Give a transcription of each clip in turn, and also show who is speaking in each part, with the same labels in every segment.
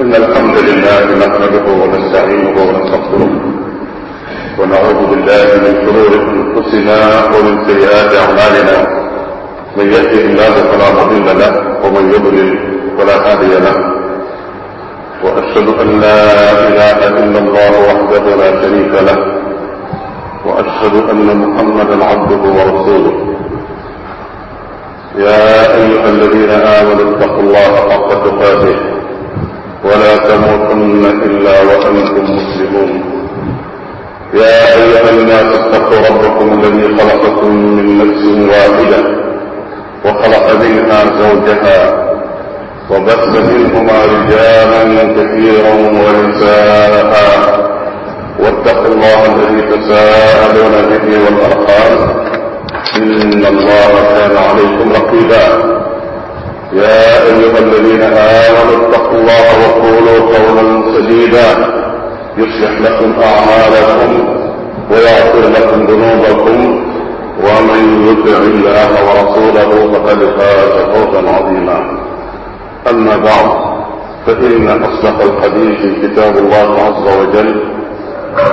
Speaker 1: إن الحمد لله نحمده ونستعينه ونستغفره ونعوذ بالله من شرور أنفسنا ومن سيئات أعمالنا من يهده الله فلا مضل له ومن يضلل فلا هادي له وأشهد أن لا إله إلا الله وحده لا شريك له وأشهد أن محمدا عبده ورسوله يا أيها الذين آمنوا اتقوا الله حق تقاته ولا تموتن إلا وأنتم مسلمون يا أيها الناس اتقوا ربكم الذي خلقكم من نفس واحدة وخلق منها زوجها وبث منهما رجالا كثيرا ونساء واتقوا الله الذي تساءلون به والأرحام إن الله كان عليكم رقيبا يا أيها الذين آمنوا اتقوا الله وقولوا قولا سديدا يصلح لكم أعمالكم ويغفر لكم ذنوبكم ومن يطع الله ورسوله فقد فاز فوزا عظيما أما بعد فإن أصدق الحديث كتاب الله عز وجل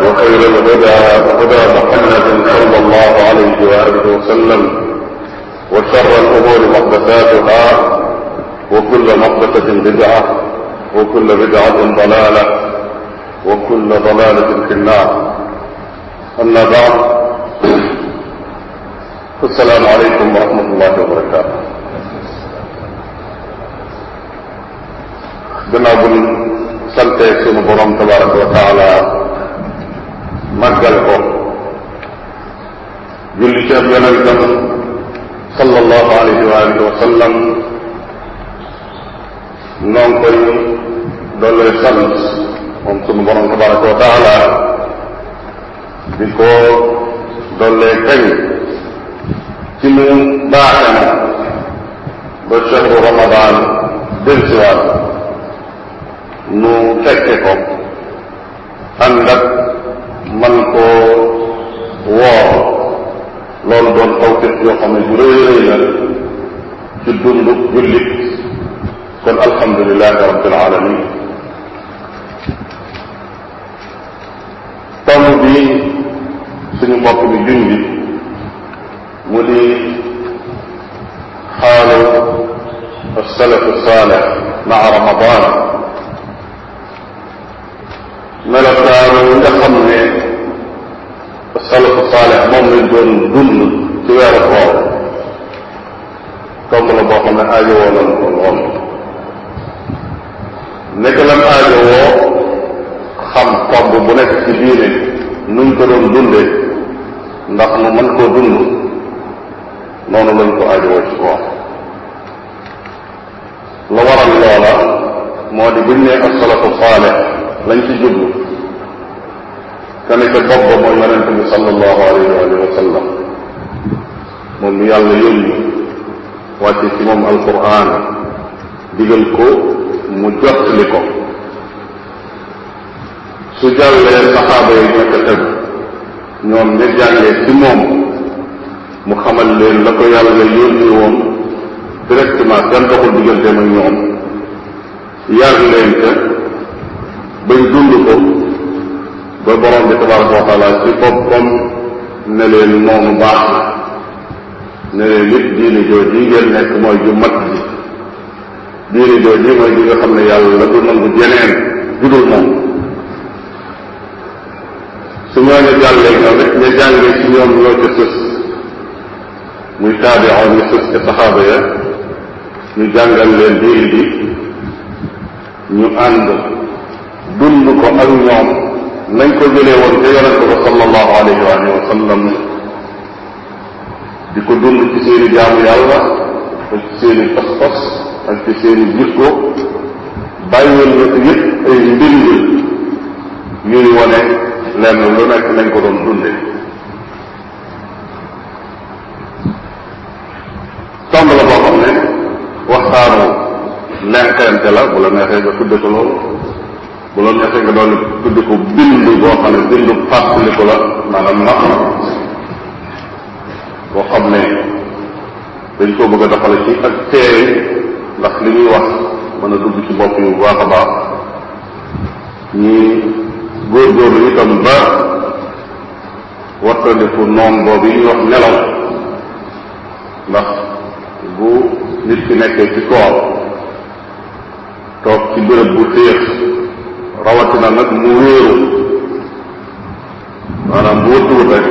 Speaker 1: وخير الهدى هدى محمد صلى الله عليه وآله وسلم وشر الأمور محدثاتها وكل محدثة بدعة وكل بدعة ضلالة وكل ضلالة في النار أما بعد فالسلام عليكم ورحمة الله وبركاته gannaaw bu ñu santee sunu borom tabaraka wa taala màggal ko julli ci ab yonentam sallallahu alayhi wa alihi wa sallam noo ngi koy dooleel sant moom sunu borom tabaraka wa taala di ko dooleel kañ ci mu baaxee na ba shahru ramadan delsiwaat nu fekke ko ànd man koo woor loolu doon tawfiq yoo xam ne bu rëy rëy kon alhamdulilah rabbil alamin tomb bi suñu mbokk bi juñ bi mu di xaalu alsalaf saalih maa ramadan melokaanu yi nga xam ne alsalaf saalih moom lañ doon dund ci weeru koor tomb la boo xam ne aajowoo nañ ko lool nekk lam aajo xam tomb bu nekk ci diine nuñ ko doon dunde ndax mu mën koo dund noonu lañ ko aajo woo ci moom la waral loola moo di buñ ne ak salafu saaleh lañ ci jublu te ne bi sallallahu alayhi wa sallam moom mi yàlla yónni wàcce ci moom alquran digal ko mu jottali ko su jàllee saxaaba yi ñoo ko tëb ñoom ñu jàllee ci moom mu xamal leen la ko yàlla yónni woon directement gan doxul digganteem ak ñoom yar leen te bañ dund ko ba borom bi tabaraka wa taala ci boppam ne leen moomu baax ne leen it diine jooju yi ngeen nekk mooy ju ji diine jooju mooy bi nga xam ne yàlla du nangu jeneen judul moom su ñooñu jàllee ñoom it ña jàngee ci ñoom ñoo ca sës muy taabiroon ñu sës ca saxaaba ya ñu jàngal leen diine bi ñu ànd dund ko ak ñoom nañ ko jëlee woon ca yonente ba sallallahu alayhi wa alihi wa sallam di ko dund ci seeni jaamu yàlla ak ak ci seeni jikko bàyyiwul na yëpp ay mbir ñuy wone lenn lu nekk nañ ko doon dunde tomb la boo xam ne waxtaanu lenqente la bu la neexee nga tudde ko loolu bu la neexee nga doon tudde ko bind boo xam ne bindu fàttaliku la maanaam nax na boo xam ne dañ koo bëgg a doxale ci ak teey ndax li ñuy wax mën a dugg ci bopp yi bu baax a baax ñi góorgóorlu itam ba wattandiku noon boobu yi ñuy wax nelaw ndax bu nit ki nekkee ci koor toog ci bërëb bu féex rawatina nag mu wéeru maanaam bu wëttuwut rek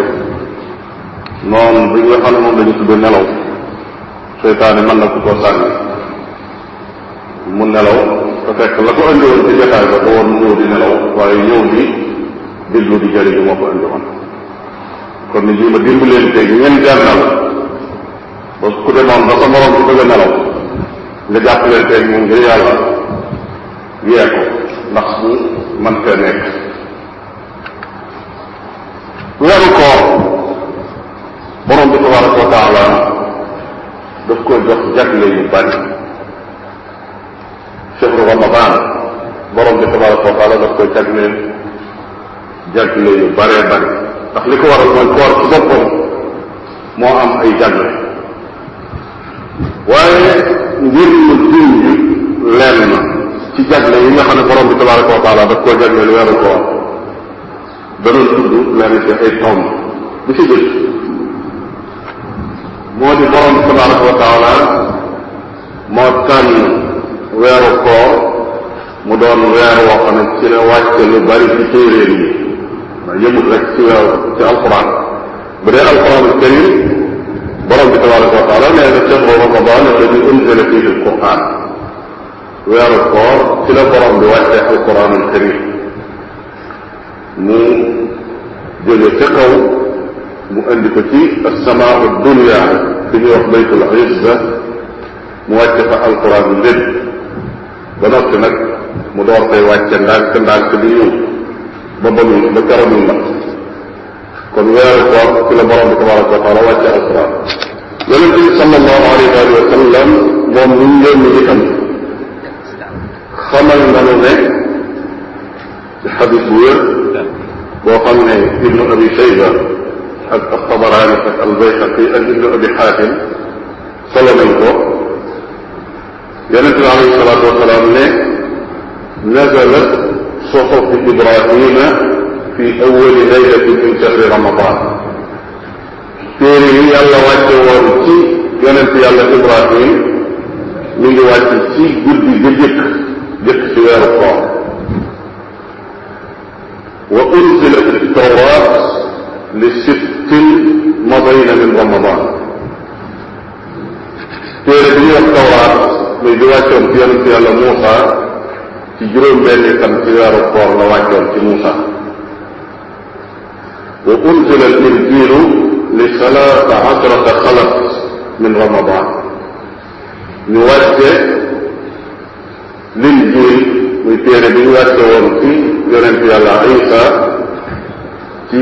Speaker 1: noonu bi nga xam ne moom dañu tudde nelaw seytaane mën na ko sànni mu nelaw te fekk la ko andi woon ci jotaay ba ba woon ñëw di nelaw waaye ñëw bi dillu di jëriñu moo ko andi woon kon ni lii ma dimbaleen tey ñeen jànnal ba ku demoon ba sa morom bi bëgg a nelaw nga jàppaleen tey moom ngir yàlla yee ko ndax mu man fee nekk weeru koor borom bi tabaraka wa taala daf ko jox jagle yu bari shahru ramadan borom bi tabaraka wa taala daf koy jagleel jagle yu bëree bëri ndax li ko waral mooy koor ci boppam moo am ay jagle waaye ngir mu jiw yi leen na ci jagle yi nga xam ne borom bi tabaraka wa taala daf koy jagleel weeru koor danoon tudd leen ci ay tomb bi ci jëkk moo di borom bi tabaraka wa taala moo tànn weeru koor mu doon weer woo xam ne ci la wàcce lu bari ci téeréer yi ndax yëmut rek ci weeru ci alquran bu dee alquran karim borom bi tabaraka wa taala nee na shahru ramadan alladi unzila fihi alquran weeru koor ci la borom bi wàcce alquran karim mu jóge ca kaw mu indi ko ci asamaau dunia fi ñuy wax baytul izza mu wàcce fa alquran lépp ba noppi nag mu door koy wàcce ndànk ndànk ba ba ba keroog kon weeru koor ci la borom bi tabaraka wa taala wàcce alquran yonent bi sallallahu alayhi wa sallam moom ñu ngi leen ni itam xamal nanu ne ci xadis bu wér boo xam ne ibnu abi shayba ak ak tabaraani ak albayxaqi yonent bi alayhi salaatu wasalaam ne nazalat suxufu ibrahima fi awali laylatin min shahri ramadan téere yi yàlla wàcce woon ci yonent yàlla ibrahim mi ngi wàcc ci guddi ga jëkk jëkk ci weeru koor wa unzilat at-tawrat li sittin mabayna min ramadan téere bi ñu te di wàccoon ci yonent yàlla Muusa ci juróom-benni fan ci weeru koor la wàccoon ci Muusa wa unzila al injilu li salaata asrata xalat min ramadan ñu wàcce l'injil muy téere bi ñu wàcce woon ci yonent yàlla Isa ci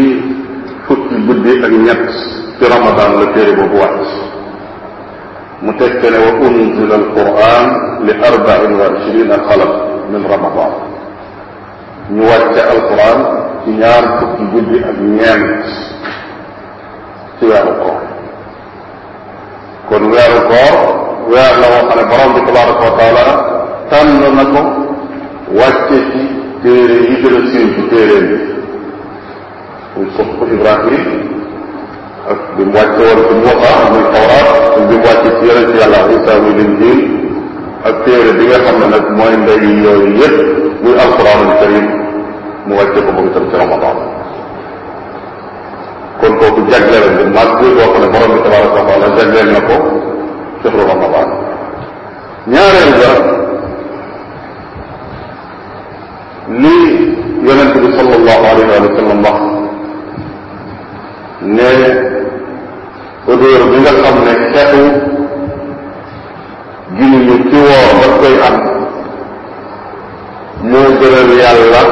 Speaker 1: fukki guddi ak ñett ci ramadan la téere boobu wàcc mu teg ne wa unzila alquran li arbain wa ishrina xalaq min ramadan ñu wàcce alquran ci ñaar fukki guddi ak ñeent ci weeru koor kon weeru koor weer la woo xam ne borom bi tabaraka wa taala tànn na ko wàcce ci téere yi gën a siiw ci téere bi muy sopp Ibrahim ak bi mu wàcce woon ci Muwatta muy Tawraat bi mu wàcce ci yeneen ci yàlla Isaa muy bi nga xam ne nag mooy ndey yooyu yëpp muy alquranul karim mu wàcce ko moom itam ci Ramadan kon kooku jagleel na mag bi boo xam ne borom bi tabaraka wa taala jagleel na ko shahru Ramadan ñaareel ga li yonent bi sallallahu alayhi wa sallam wax ne odeur bi nga xam ne xeetu julli ñu ci woo daf koy am moo gënal yàlla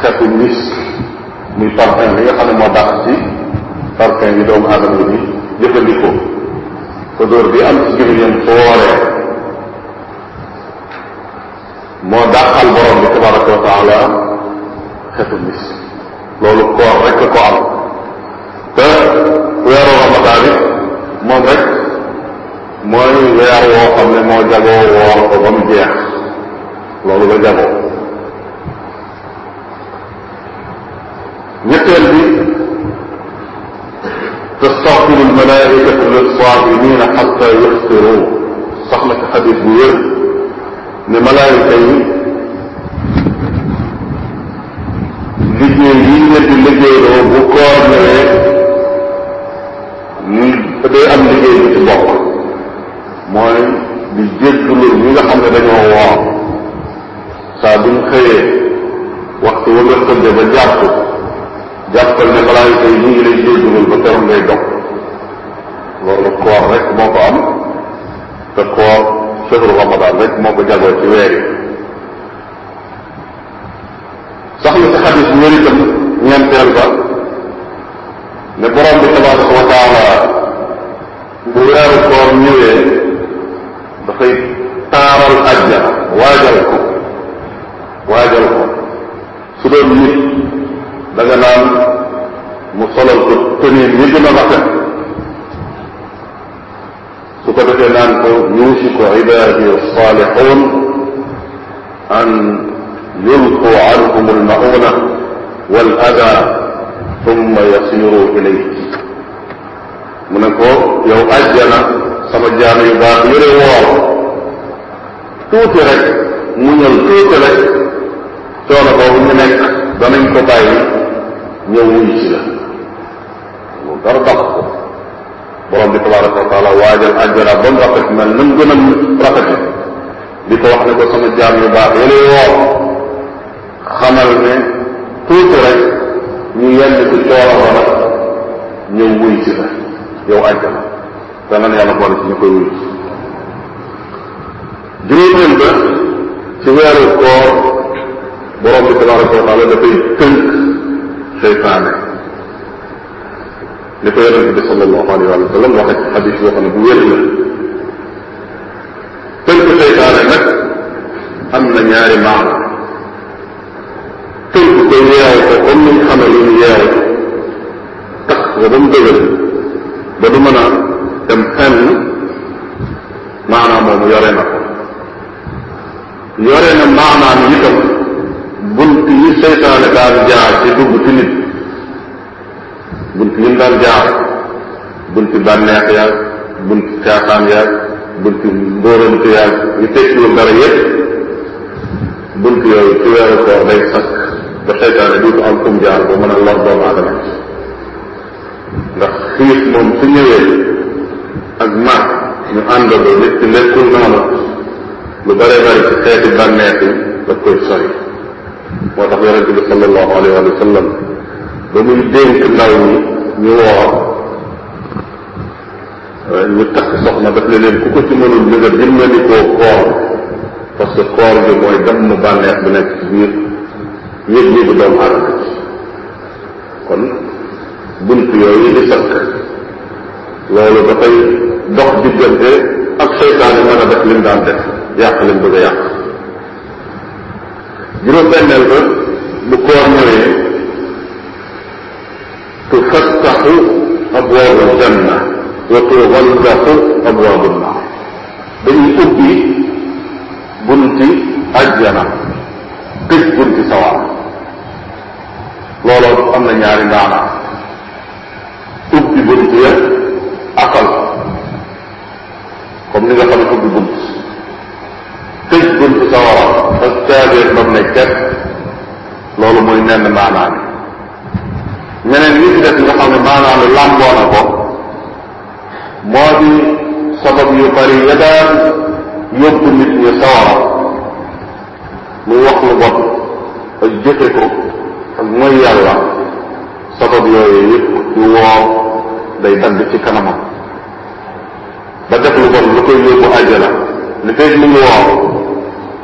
Speaker 1: xeetu mis muy parfum bi nga xam ne moo dàq ci parfum yi doomu aadama bi jëfandikoo odeur bi am ci julli ñu su wooree moo dàqal borom bi tabaraka wa taala xeetu mis loolu koor rek ko am te weeru ramadan it moom rek mooy weer woo xam ne moo jagoo woor ko ba mu jeex loolu la jagoo ñetteel bi tastaghfiru lmalaikatu lissaabiriina xatta yaxsiru sax na ci xadis bu wér ne malaayika yi liggéey yi ñu di liggéeyloo bu koor ñëwee te day am liggéey bu ci bokk mooy di jéggalu ñi nga xam ne dañoo woor saa buñ xëyee waxtu wa nga tëdde ba jàpp jàppal ne balaa yi tey ñu ngi lay jéggalul ba teram ngay dog loolu koor rek moo ko am te koor sëfru ramadan rek moo ko jagoo ci weer yi sax la ci xadis wér itam ñeenteel ba ne borom bi tabaraka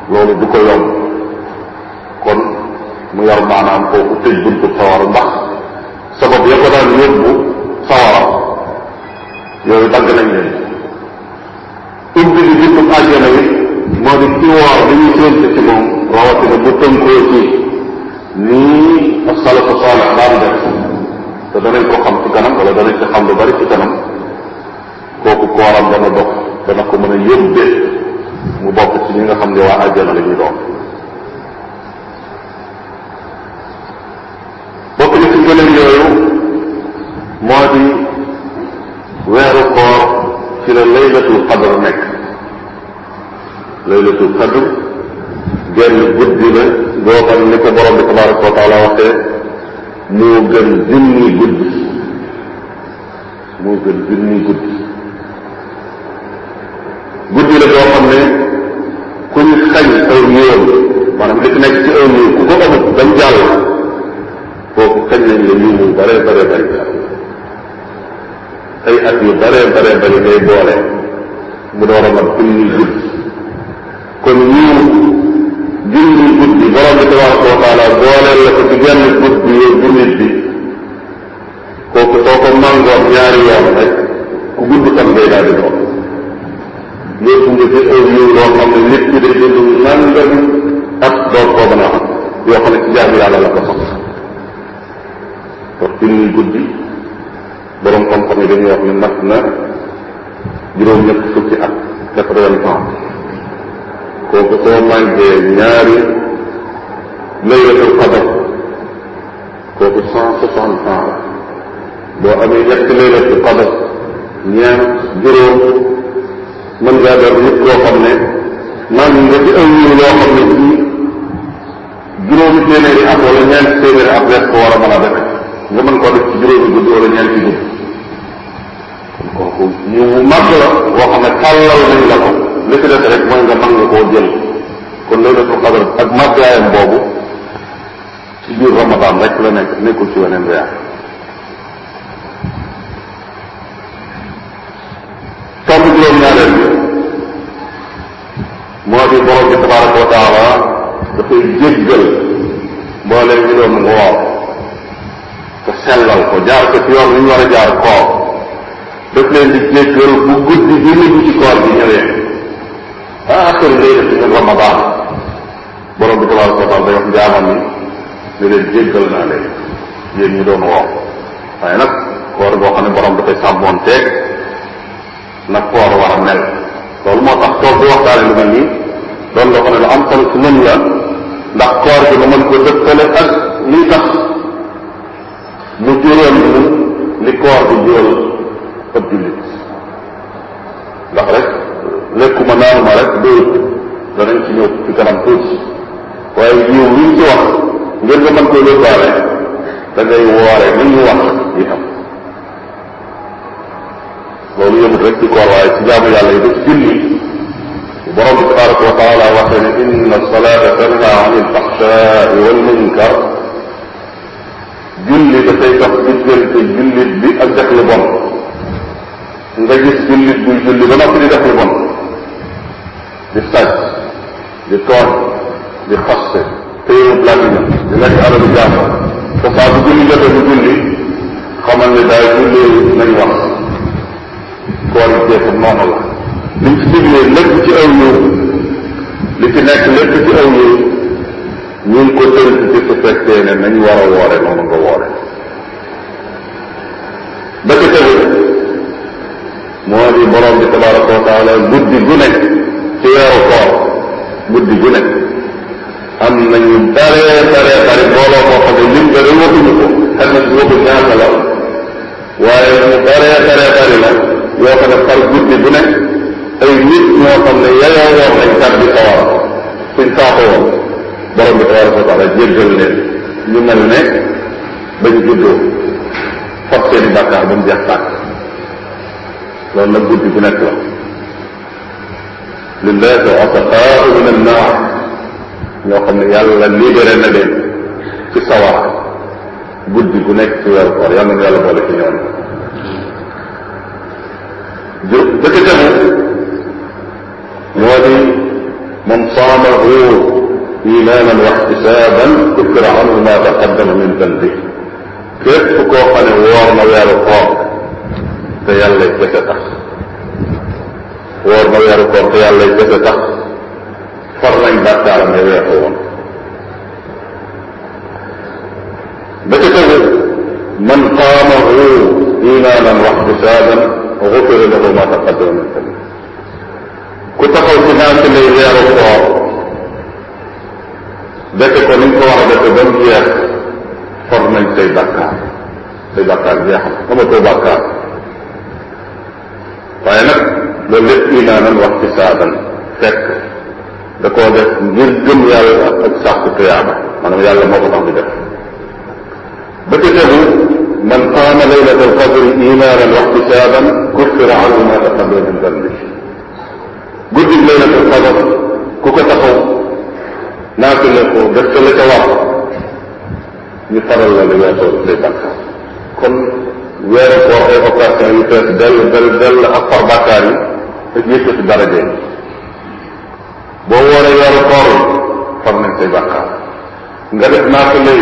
Speaker 1: loolu du ko yomb kon mu yor maanaam kooku tëj buntu sawara ndax sabab ya ko daan yóbbu sawara yooyu dagg nañ leen ubbi di buntu àjjana yi moo di ci woor li ñuy séntu ci rawatina bu tënkoo ci nii asalafu saalix daan def te danañ ko xam ci kanam wala danañ ko xam lu bari ci kanam kooku kooram dana dox dana ko mën a yóbbee mu bokk ci ñi nga xam ne waa àjjana la ñu doon bokk na ci ngëneel yooyu moo di weeru koor ci la laylatul qadr nekk laylatul qadr genn guddi la boo xam ni ko borom bi tabaraka wa taala waxee moo gën junni guddi moo gën junni guddi guddi la boo xam ne ku ñu xañ aw yoon maanaam li fi nekk ci aw yoon ku ko amut bañ jàll foofu xañ nañ la yiw yu bare bare bari ay at yu bare bare bari ngay boole mu door a mat junni guddi kon yiw junni guddi borom bi tabaraka wa taala booleel la ko ci genn guddi yow bu nit bi kooku soo ko màngoon ñaari yoon rek ku gudd fan ngay daal di doon yóbbu nga ci aw yiw loo xam ne nit ki day dund nangam at doog yoo xam ne ci jaamu yàlla la ko sax wax guddi borom xam-xam yi dañuy wax ne mat na juróom-ñett fukki at quatre-vingts ans kooku soo màggee ñaari laylatul qadar kooku cent soixante ans la boo amee ñetti laylatul qadar ñaar juróom mën ngaa doon nit koo xam ne man nga ci aw yiw ne ci juróomi téeméeri at wala ñeenti téeméeri at wees ko war a mën a defe nga mën koo def ci juróomi guddi wala ñeenti la ne la ko li ci rek mooy nga mën nga koo jël kon laylatul qadr ak màggaayam boobu ci biir ramadan rek la nekk nekkul ci weneen weer tomb juróom ñaareel bi moo di borom bi tabaraka wa taala dafay jéggal mbooleem ñu doon woor te sellal ko jaar ko ci yoon li ñu war a jaar koor daf leen di jéggal bu guddi bi mujj ci koor bi ñëwee aaxir ah, laylati min ramadan borom bi tabaraka wa taala day wax jaamam ni ne leen jéggal naa leen yéen ñu doon woor waaye nag koor boo xam ne borom dafay sàmmoon teeg koor war a mel moo tax toog di lu mel nii loolu loo xam ne lu am la ndax koor gi ma mën ko dëppale ak lii tax mu jural ñu li koor bi jural ab jullit ndax rek lekkuma naanuma rek doyut danañ ci ñëw ci kanam tuuti waaye yiw liñ ci wax ngir nga mën koo lëbbaale da ngay woore ni ñu wax itam loolu yëmut rek ci koor waaye ci jaamu yàlla yi def julli borom bi tabaraka wa taala waxee ne inna salaata tanha an ilfaxshaai walmunkar julli dafay dox diggante jullit bi ak def lu bon nga gis jullit buy julli ba noppi di def lu bon di sàcc di tooñ di xaste téyewub làmmiñam di lekk alalu jàmbur te saa bu julli jotee bu julli xamal ne daay julli nañ wax koor jeexam noonu la liñ fi diglee lépp ci aw yiw li fi nekk lépp ci aw yiw ñu ngi ko tënk ci su fekkee ne nañ war a woore noonu nga ba ca tegu moo di borom bi tabaraka wa guddi gu nekk ci weeru koor guddi gu nekk am nañu bare bare bare mbooloo moo xam ne lim ba da waxuñu ko xam na si waxu ñaata la waaye guddi bu nekk ay nit ñoo xam ne yayoo woon nañ kàddu sawar suñ saako woon borom bi tabaraka wa taala jéggal leen ñu mel ne bañ juddoo fab seeni bàkkaar ba mu jeex tàkk loolu nag guddi bu nekk la lillahi ataqaa min annaar ñoo xam ne yàlla libéré na leen ci sawar guddi bu nekk ci weeru koor yàlla na yàlla boole ci ñoom jëkk moo di man saamahu imaanan wa ihtisaaban kufira anhu ma taqaddama min dambi képp koo xam ne woor na weeru koor te yàlla kese tax woor na weeru koor te yàlla kese tax far nañ bàkkaaram ya weexu woon ba ca tegu man qaamahu imaanan wa ihtisaaban gufira lahu ma taqaddama min dambi ku taxaw ci naafilay weeru koor defe ko ni nga ko war a defe ba mu jeex for nañ say bàkkaar say bàkkaar jeex na amatoo bàkkaar waaye nag loolu lépp imaanan wax ci saaban fekk da koo def ngir gëm yàlla ak sàkku tuyaaba maanaam yàlla moo ko tax di def ba ca tegu man qaama laylata alqadri imaanan wa ihtisaaban kuffira anhu ma taqaddama min dambi guddi laylatul qadar ku ko taxaw naatu ne ko def ko la ca wax ñu faral la li ngay toog say bàkkaar kon weeru koor ay occasion yu fees dell dell dell ak far bàkkaar yi ak yëkkati daraje boo wooree weeru koor far nañ say bàkkaar nga def naatu lay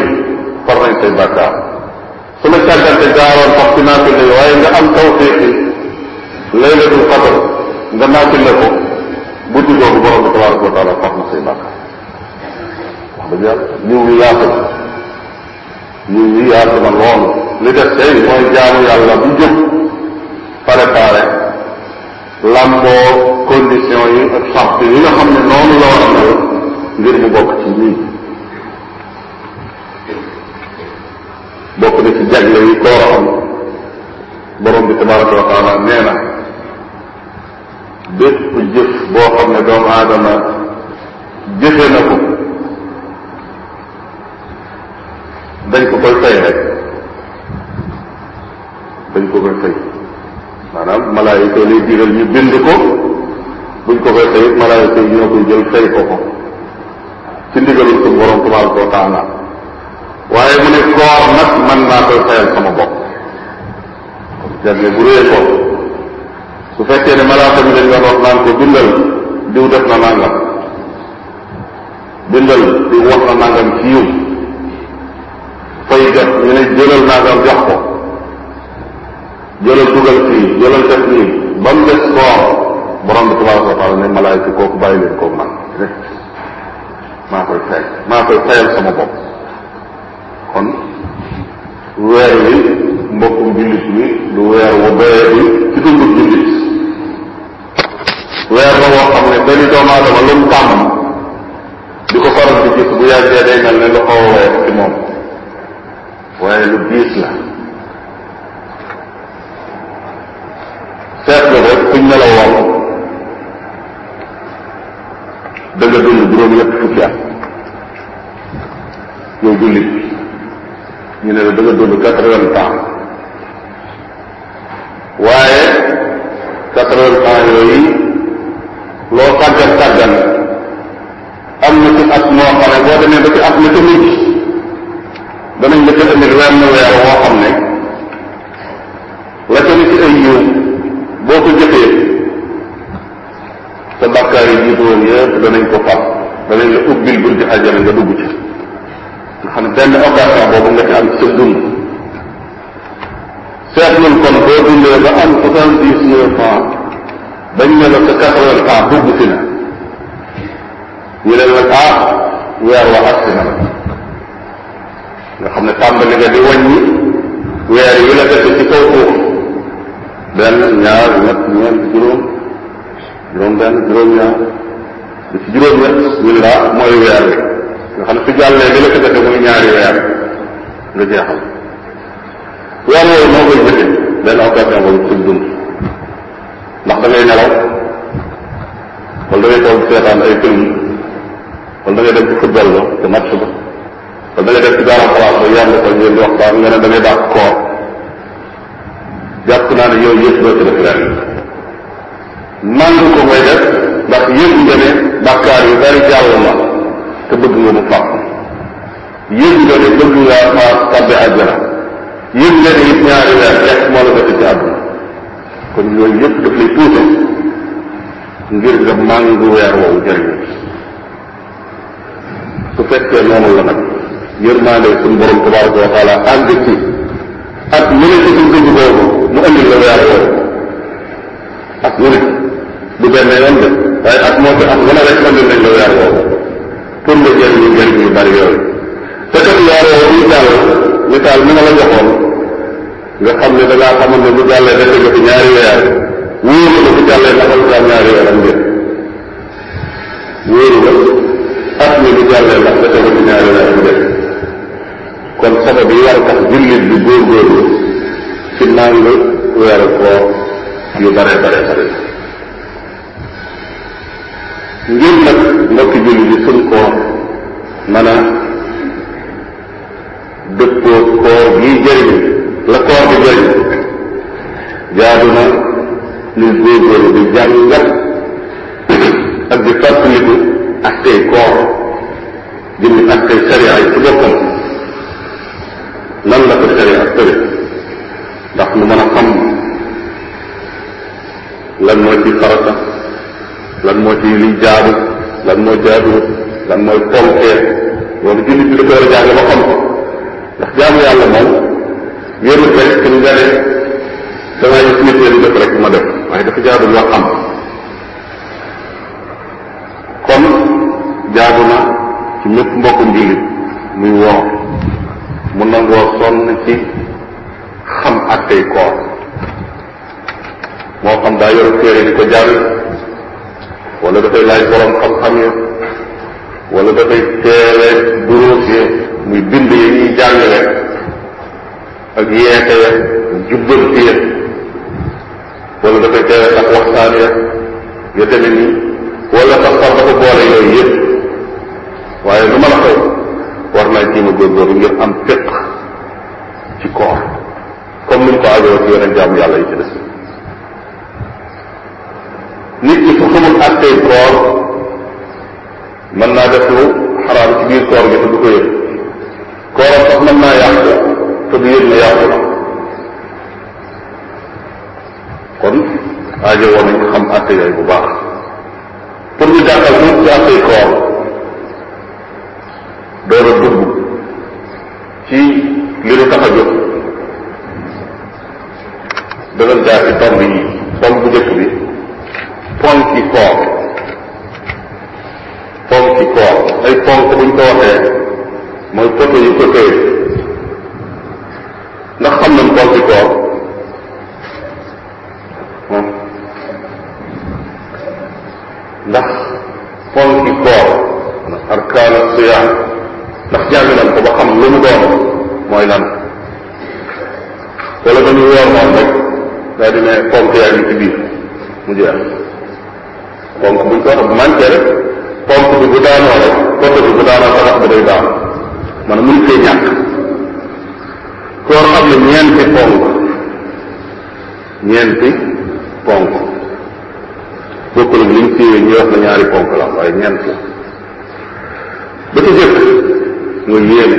Speaker 1: far nañ say bàkkaar su la càggante jaaroon sax ci naatu lay waaye nga am tawfiq laylatul qadar nga naatu la ko guddi googu borom bi tabaraka wa taala faf na say bàkkaar wax dëgg yàlla ñëw ñu yaatu li def tey mooy jaamu yàlla bu jóg préparé lamboo condition yi ak yi nga xam ne noonu la war a mel ngir mu bokk ci bokk na ci jagle yi koor am borom bi tabaraka wa taala bépp jëf boo xam ne doomu aadama jëfe na ko dañ ko koy fay rek dañ ko koy fay maanaam malaayika lay biral ñu bind ko buñ ko koy fay it malaayika yi ñoo koy jël fay ko ko ci ndigalul suñu borom tabaraka wa taala waaye mu ne koor nag man naa koy fayal sama bopp jànge bu rëyee ko bu fekkee ne malaaka mi dañ doon wax naan ko bindal diw def na nangam bindal diw wax na nangam ci yiw fay def ñu ne jëlal nangam jox ko jëlal dugal fii jëlal def nii ba mu des koor borom bi tabaraka wa taala ne malaayka kooku bàyyi leen kooku man maa koy fay maa koy fayal sama bopp kon weer wi mbokkum jullit bi lu weer wu doyee bi ci dundub jullit weer la woo ne benn doomu aadama lu mu tàmm ko faral di gis bu yàggee day mel lu xaw a weex moom waaye lu biis la seetlu rek kuñ ne la woon da nga dund juróom ñett yow jullit ñu ne la da nga dund quatre-vingts ans waaye quatre-vingts ans yooyu loo sàggan sàggan am na ci at moo xam ne boo demee ba ci at ma ca mujj danañ la ca indil wenn weer woo xam ne la ca ne ci ay boo ko jëfee sa bàkkaar yi jiitu woon yëpp danañ ko far danañ la ubbil bunti àjjana nga dugg ci nga xam ne benn occasion boobu nga am ci sa dund kon boo dundee ba am soixante-dix-neuf ans bañ ne la sa quatre heures temps dugg si na ñu ne la ah weer wa ak si na la nga xam ne tàmbali nga di wàññi weer yu la dese ci kaw suuf benn ñaar ñett ñeent juróom juróom benn juróom ñaar di ci juróom ñett ñu ne la ah, mooy weer wi nga xam ne su jàllee li la ko dese muy ñaari weer nga jeexal weer woowu moo koy jëfe benn occasion boobu suñ ndax da ngay nelaw wala da ngay toog seetaan ay film wala da ngay dem ci football ba te match ba wala da ngay dem ci gaara place ba yenn ko ngeen di waxtaan nga ne da ngay dàq koor jàpp naa ne yooyu yëpp doo ci def lenn nangu ko ngay def ndax yëg nga ne bàkkaar yu bari jàll na te bëgg nga mu fàq yëg nga ne bëgg nga faa tabbi àjjana yëg nga ne it ñaari weer rek moo la def ci àdduna kon loolu yëpp daf lay tuute ngir nga màngu weer woowu jëriñu su fekkee noonu la nag yërmaande suñu borom tabaraka wa taala ànd ci ak mu ne ci suñ dëgg boobu mu andil la weer woowu ak mu ne du benn yoon de waaye moo fi am mu ne rek andil nañ la weer woowu pour nga jëriñu jëriñ yu bari yooyu te kat weer woowu misaal misaal mi ma la joxoon nga xam ne da ngaa xamal ne bu jàllee defee nga fi ñaari weer wóoru nga bu jàllee ndaxal nga ñaari weer am ngeen wóoru nga at mi bu jàllee ndax defee nga fi ñaari weer am ngeen kon sabab yi war tax jullit bi góorgóorlu ci nangu weeru koor yu bare bare bare ngir nag mbokki jullit bi suñ koor mën a dëppoo koor gii jëriñ jaadu na ñuy góorgóorlu di jàngat ak di fàttaliku ak tey koor jëmi ak tey sariya yi ci boppam lan la ko sariya tëre ndax mu mën a xam lan moo ci farata lan moo ci liy jaadu lan moo jaaduwut lan mooy ponkee loolu jullit bi da ko war a jàng ba xam ko ndax jaamu yàlla moom yéru rek ci njëriñ danaa yëg nit ñi di def rek ma def waaye dafa jaadu nga xam kon jaadu na ci mépp mbokkum jullit muy woor mu nangoo sonn ci xam ak tey moo xam daa yor di ko jàng wala dafay laaj borom xam-xam ya wala dafay teewe duruus ya muy bind ya ñuy jàngale ak yeete ya jubbal wala dafay teewee ak waxtaan ya ya demee nii wala sax sax dafa boole yooyu yëpp waaye lu ma la xew war naa jéem a góorgóorlu ngir am fiq ci koor comme ni ñu ko ajoo ci yeneen jaamu yàlla yi ci des nit ñi su xamul attey koor mën naa def lu xaraam ci biir koor gi te du ko yëg kooram sax mën naa yàqu te du yëg ne yàqu na kon aajo woon nañu xam atte yooyu bu baax pour ñu jàngal ko ci attey koor door a dugg ci li nu tax a jóg danañ jaar ci tomb yi tomb bu njëkk bi ponki koor ponki koor ay ponk buñ ko waxee mooy poto yi ko tëye ndax xam nañ ponki koor fonki koor maanaam arkaana siyaam ndax jàng nañ ko ba xam lu mu doon mooy lan wala dañu woor moom rek daa di ne yaa ngi ci mu jeex fonk buñ ko bu manqué rek fonk bu daanoo rek côté bi bu daanoo tabax bi day daan maanaam mun cee ñàkk koor am na ñeenti fonk bokkul ak liñ siiwee ñu wax na ñaari ponk la waaye ñeent la ba ci jëkk muy yéene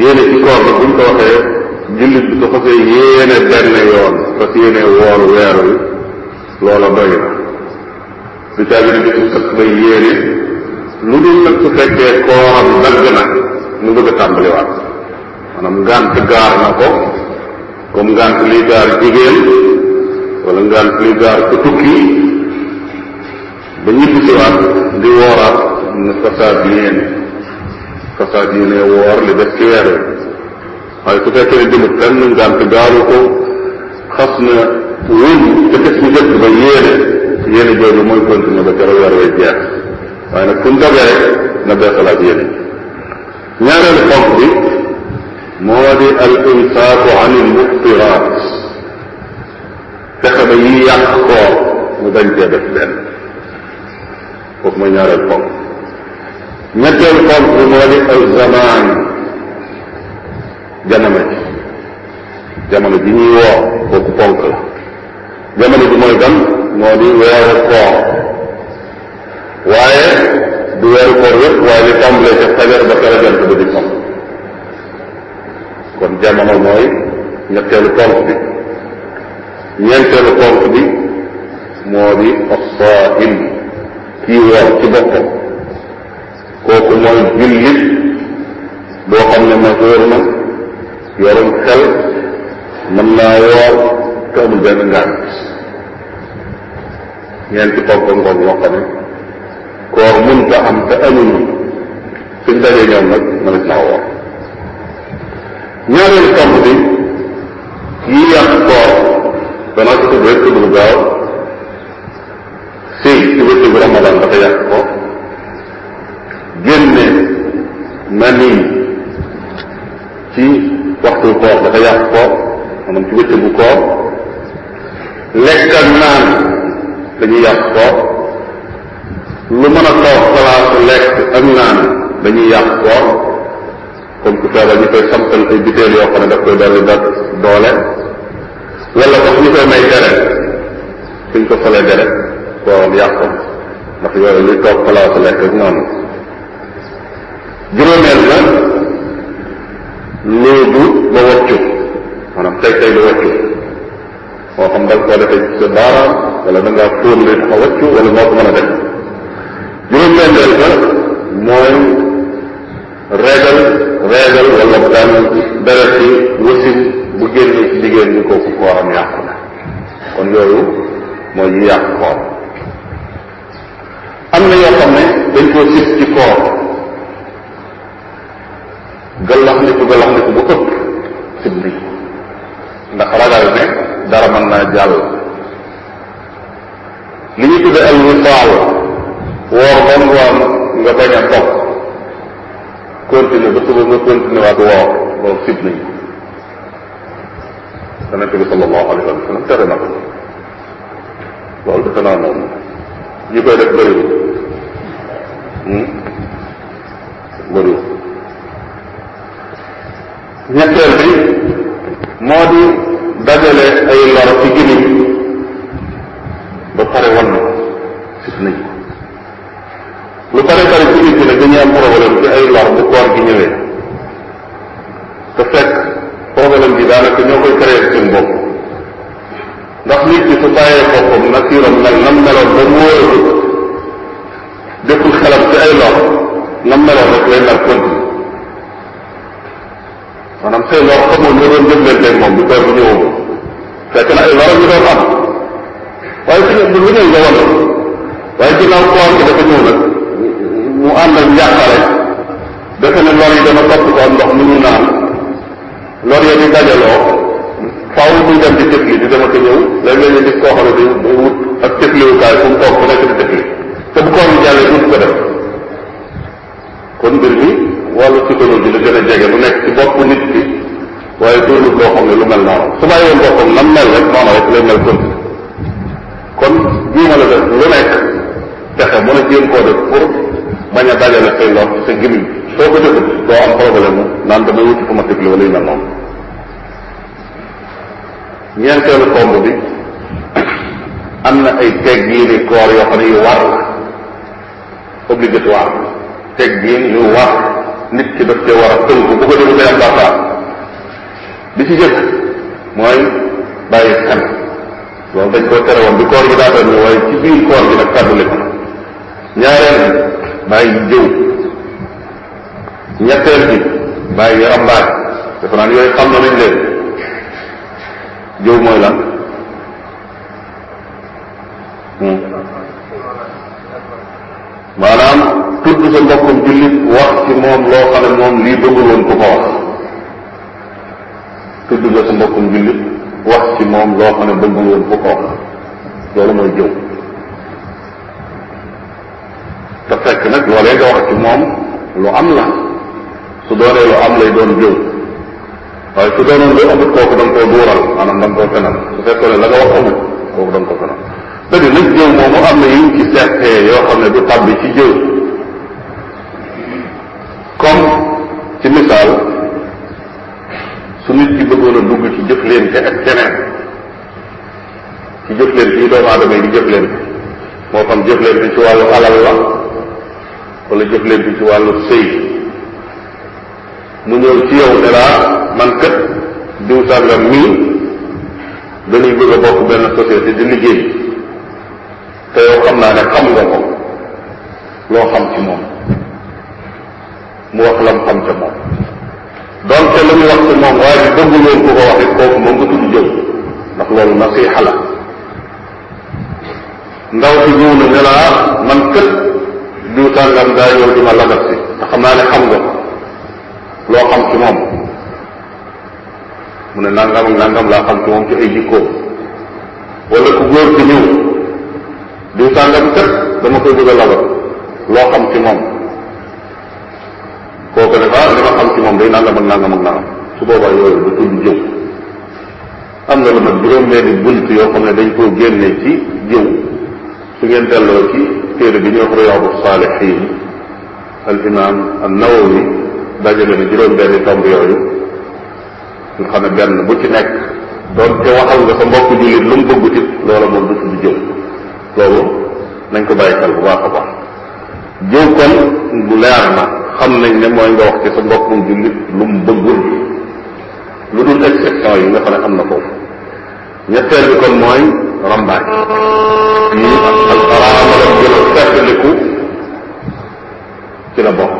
Speaker 1: yéene ci koor nag buñ ko waxee jullit bi su xasee yéene benn yoon fas yéene lu dul nag su fekkee kooram dagg na mu bëgg tàmbaliwaat maanaam ngànt gaar na ko comme ngànt liy gaar jigéen wala nga daan pligar ko tukki ba di wooraat mu fasaad yéene fasaad yéene woor li des ci weer waaye su fekkee ne demut fenn ngant gaaru ko xas wun te bés bu jëkk ba yéene yéene jooju mooy continué ba keroog weer way jeex waaye nag fu mu na beesalaat yéene ñaareelu ponk bi moo al imsaaku an al fexe ba yi yàq koor ñu bañ cee def benn foofu mooy ñaareel ponk ñetteel ponk bi moo di al zamaan jamono ji jamono ji ñuy woo kooku ponk la jamono ji mooy gan moo di weeru koor waaye du weeru koor yëpp waaye li tàmbalee ca fajar ba kera jant ba di ponk kon jamono mooy ñetteelu ponk bi ñeenteelu ponk bi moo di as-saa'im kii woor ci boppam kooku mooy jullit boo xam ne majeur na yorum xel mën naa woor te amul benn ngànt ñeenti ponk ngoon yoo xam ne koor mënta am te amuñu suñ dajee ñoom nag mënees naa woor ñaareel ponk bi yi yàq danaa ko tudd rek tudd bu gaaw si ci bëccëgu ramadan dafa yàq ko génne mani ci waxtu koor dafa yàq ko maanaam ci bëccëgu koor lekk ak naan dañuy yàq koor lu mën a toog lekk ak naan dañuy yàq koor ku feebar ñu koy samtal ay biteel yoo xam ne daf koy daldi dat doole wala boog ñu koy may deret suñ ko falee deret kooram yàqu ndax yooyu luy toog place lekk ak noonu juróomeel ba loobu ba waccu maanaam tey tey lu waccu xam da wala da ngaa fóon li tax a waccu wala moo ko mën a waaye doonul loo xam ne lu mel noonu su bàyyi woon mel rek noonu rek lay mel kon kon jiima la def lu nekk pexe mën a jéem koo def pour bañ a dajale say lor sa soo ko defut doo am problème naan damay wuti fu ma tëgle wala yu mel noonu ñeenteelu tomb bi am na ay teggiini koor yoo xam ne yu war obligatoire teggiin yu war nit ki daf cee war a tënku bu ko defee day am bàkkaar bi ci jëkk mooy bàyyi fen loolu dañ koo tere woon bi koor gi daa doon ñu ci biir koor gi nag fàttali ko ñaareel bi bàyyi jëw ñetteel bi bàyyi rambaaj defe naa yooyu xam na nañ leen mooy lan hmm. maanaam tudd sa jullit wax ci moom loo xam ne moom lii bëggul woon ku ko tudd nga sa mbokkum jullit wax ci moom loo xam ne bëgg nga woon fu wax loolu mooy jëw te fekk nag loolee nga wax ci moom lu am la su doonee lu am lay doon jëw waaye su doonoon lu amut kooku da nga koo duural maanaam da koo fenal su fekkoon ne la nga wax amut kooku da nga ko fenal dëgg nag jëw am na yuñ ci seetee yoo xam ne du tàbbi ci jëw comme ci misaal su nit ki bëggoon a dugg ci jëflante ak keneen ci jëflante yi doomu aadama yi di jëflante moo xam jëflante ci wàllu alal la wala jëflante ci wàllu sëy mu ñëw ci yow ne man kat diw sàngam mii dañuy bëgg a bokk benn société di liggéey te yow xam naa ne xam nga ko loo xam ci moom mu wax lam xam ca moom donte la ñu wax ci moom waaye bi bëggu ku ko wax it kooku moom du tudd jëw ndax loolu nasiixa la ndaw si ñëw na ne ah man kët diw sàngam daa ñëw di ma lagat si te naa ne xam nga loo xam ci moom mu nangam ak nangam laa xam ci moom ci ay jikkoom wala ku góor ci ñëw diw sàngam kët dama koy bëgg a lagat loo xam ci moom kooku ne ah li ma xam ci moom day nangam ak nangam ak nangam su boobaa yooyu du tudd jëw am na lu mat juróom-benni bunt yoo xam ne dañ koo génne ci jëw su ngeen delloo ci téere bi ñuy wax Riyaadu Saalihiin al imaam an-Nawawi dajale na xam ne benn bu ci nekk doon te waxal nga sa mbokk jullit lu mu bëgg it loola moom du tudd jëw loolu nañ ko bàyyi xel bu baax a jëw kon bu leer na xam nañ ne mooy nga wax ci sa mbokkum jullit lu mu bëggul lu dul exception yi xam ne am na ko ñetteel bi kon mooy rambaaj yi ak xaraama la gën a seetliku ci la bokk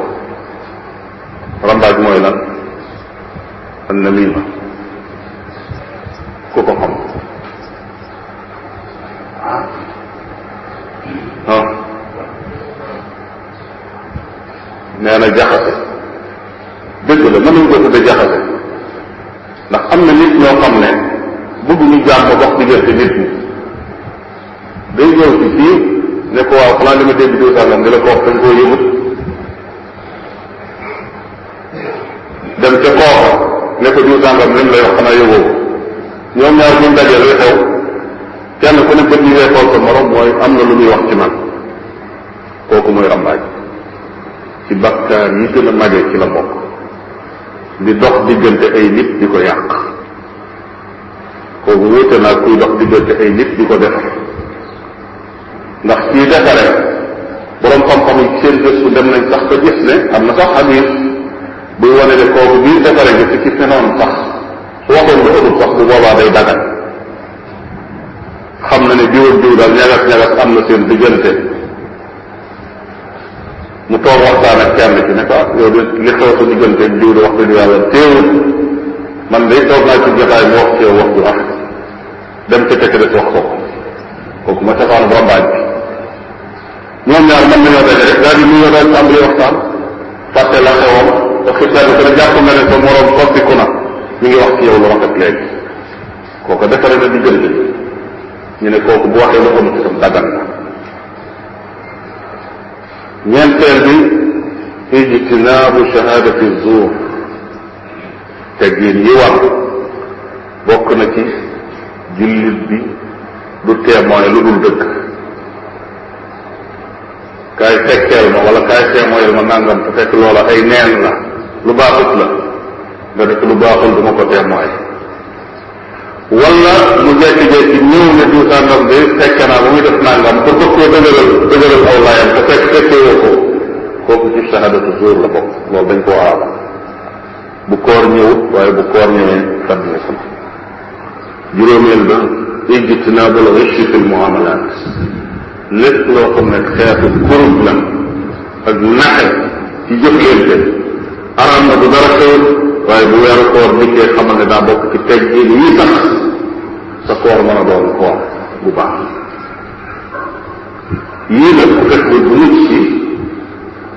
Speaker 1: rambaaj mooy lan an namima ku ko xam ah, ah. nee na jaxase dëgg la mënuñ ko tudde jaxase ndax am na nit ñoo xam ne bëgguñu jàmm dox diggante nit ñi day ñëw ci fii ne ko waaw xanaa li ma dégg diw sàngam di la ko wax dañ koo yëgut dem ca kooka ne ko diw sàngam lim lay wax xanaa yëgoo ñoom ñaar buñ dajee luy kenn ku ne bët ñu ngay xool sa morom mooy am na lu muy wax ci man kooku mooy rambaaj ci bakkaar yi gën a magee ci la bokk di dox diggante ay nit di ko yàq kooku wute naa kuy dox diggante ay nit di ko def ndax kii defare borom xam-xam yi seen gëstu dem nañ sax ko gis ne am na sax xadiis buy wane ne kooku biir defare nga ci ci fenoon sax waxoon lu ëpp sax bu boobaa day dagal xam na ne diw ak diw daal ñagas ñagas am na seen diggante mu toog waxtaan ak kenn ci ne ko ah, yow de li xew sa diggante jiw di wax dëgg yàlla teewul man day toog naa ci jotaay mu wax ci wax ju wax dem ca fekk des wax ko kooku ma safaanu rambaaj bi ñoom ñaar mën nañoo daje rek daal di nuyoo daal di tàmbali waxtaan fàtte la xewoon parce que kenn ku ne jàpp na ne sa moroom soppiku na mi ngi wax ci yow lu rafet léegi kooku defare na diggante ñu ne kooku bu waxee lu xamul itam daggan na ñeenteel bi ijtinaabu shahadati zuur teggin yi war bokk na ci jullit bi du témoin lu dul dëkk kaay fekkeel ma wala kaay témoin ma nangam te fekk loola ay neen la lu baaxut la nga lu baaxul du ma ko témoin wala mu jekki-jekki ñëw ne diw sàngam de fekk naa ba muy def nangam pour bëgg koo dëgëral dëgëral aw laayam te fekk fekkee woo ko kooku ci shahadatu zuur la bokk loolu dañ koo aar bu koor ñëwut waaye bu koor ñëwee faddu ko juróomeel ba ijtinaabul xisti fil muamalaat lépp loo xam ne xeetu kurub la ak naxe ci jëflante araam na bu dara xewut waaye bu weeru koor dikkee xamal ne daa bokk ci teg gi yi tax sa koor mën a doon koor bu baax yii nag ku fexewul bu mucc ci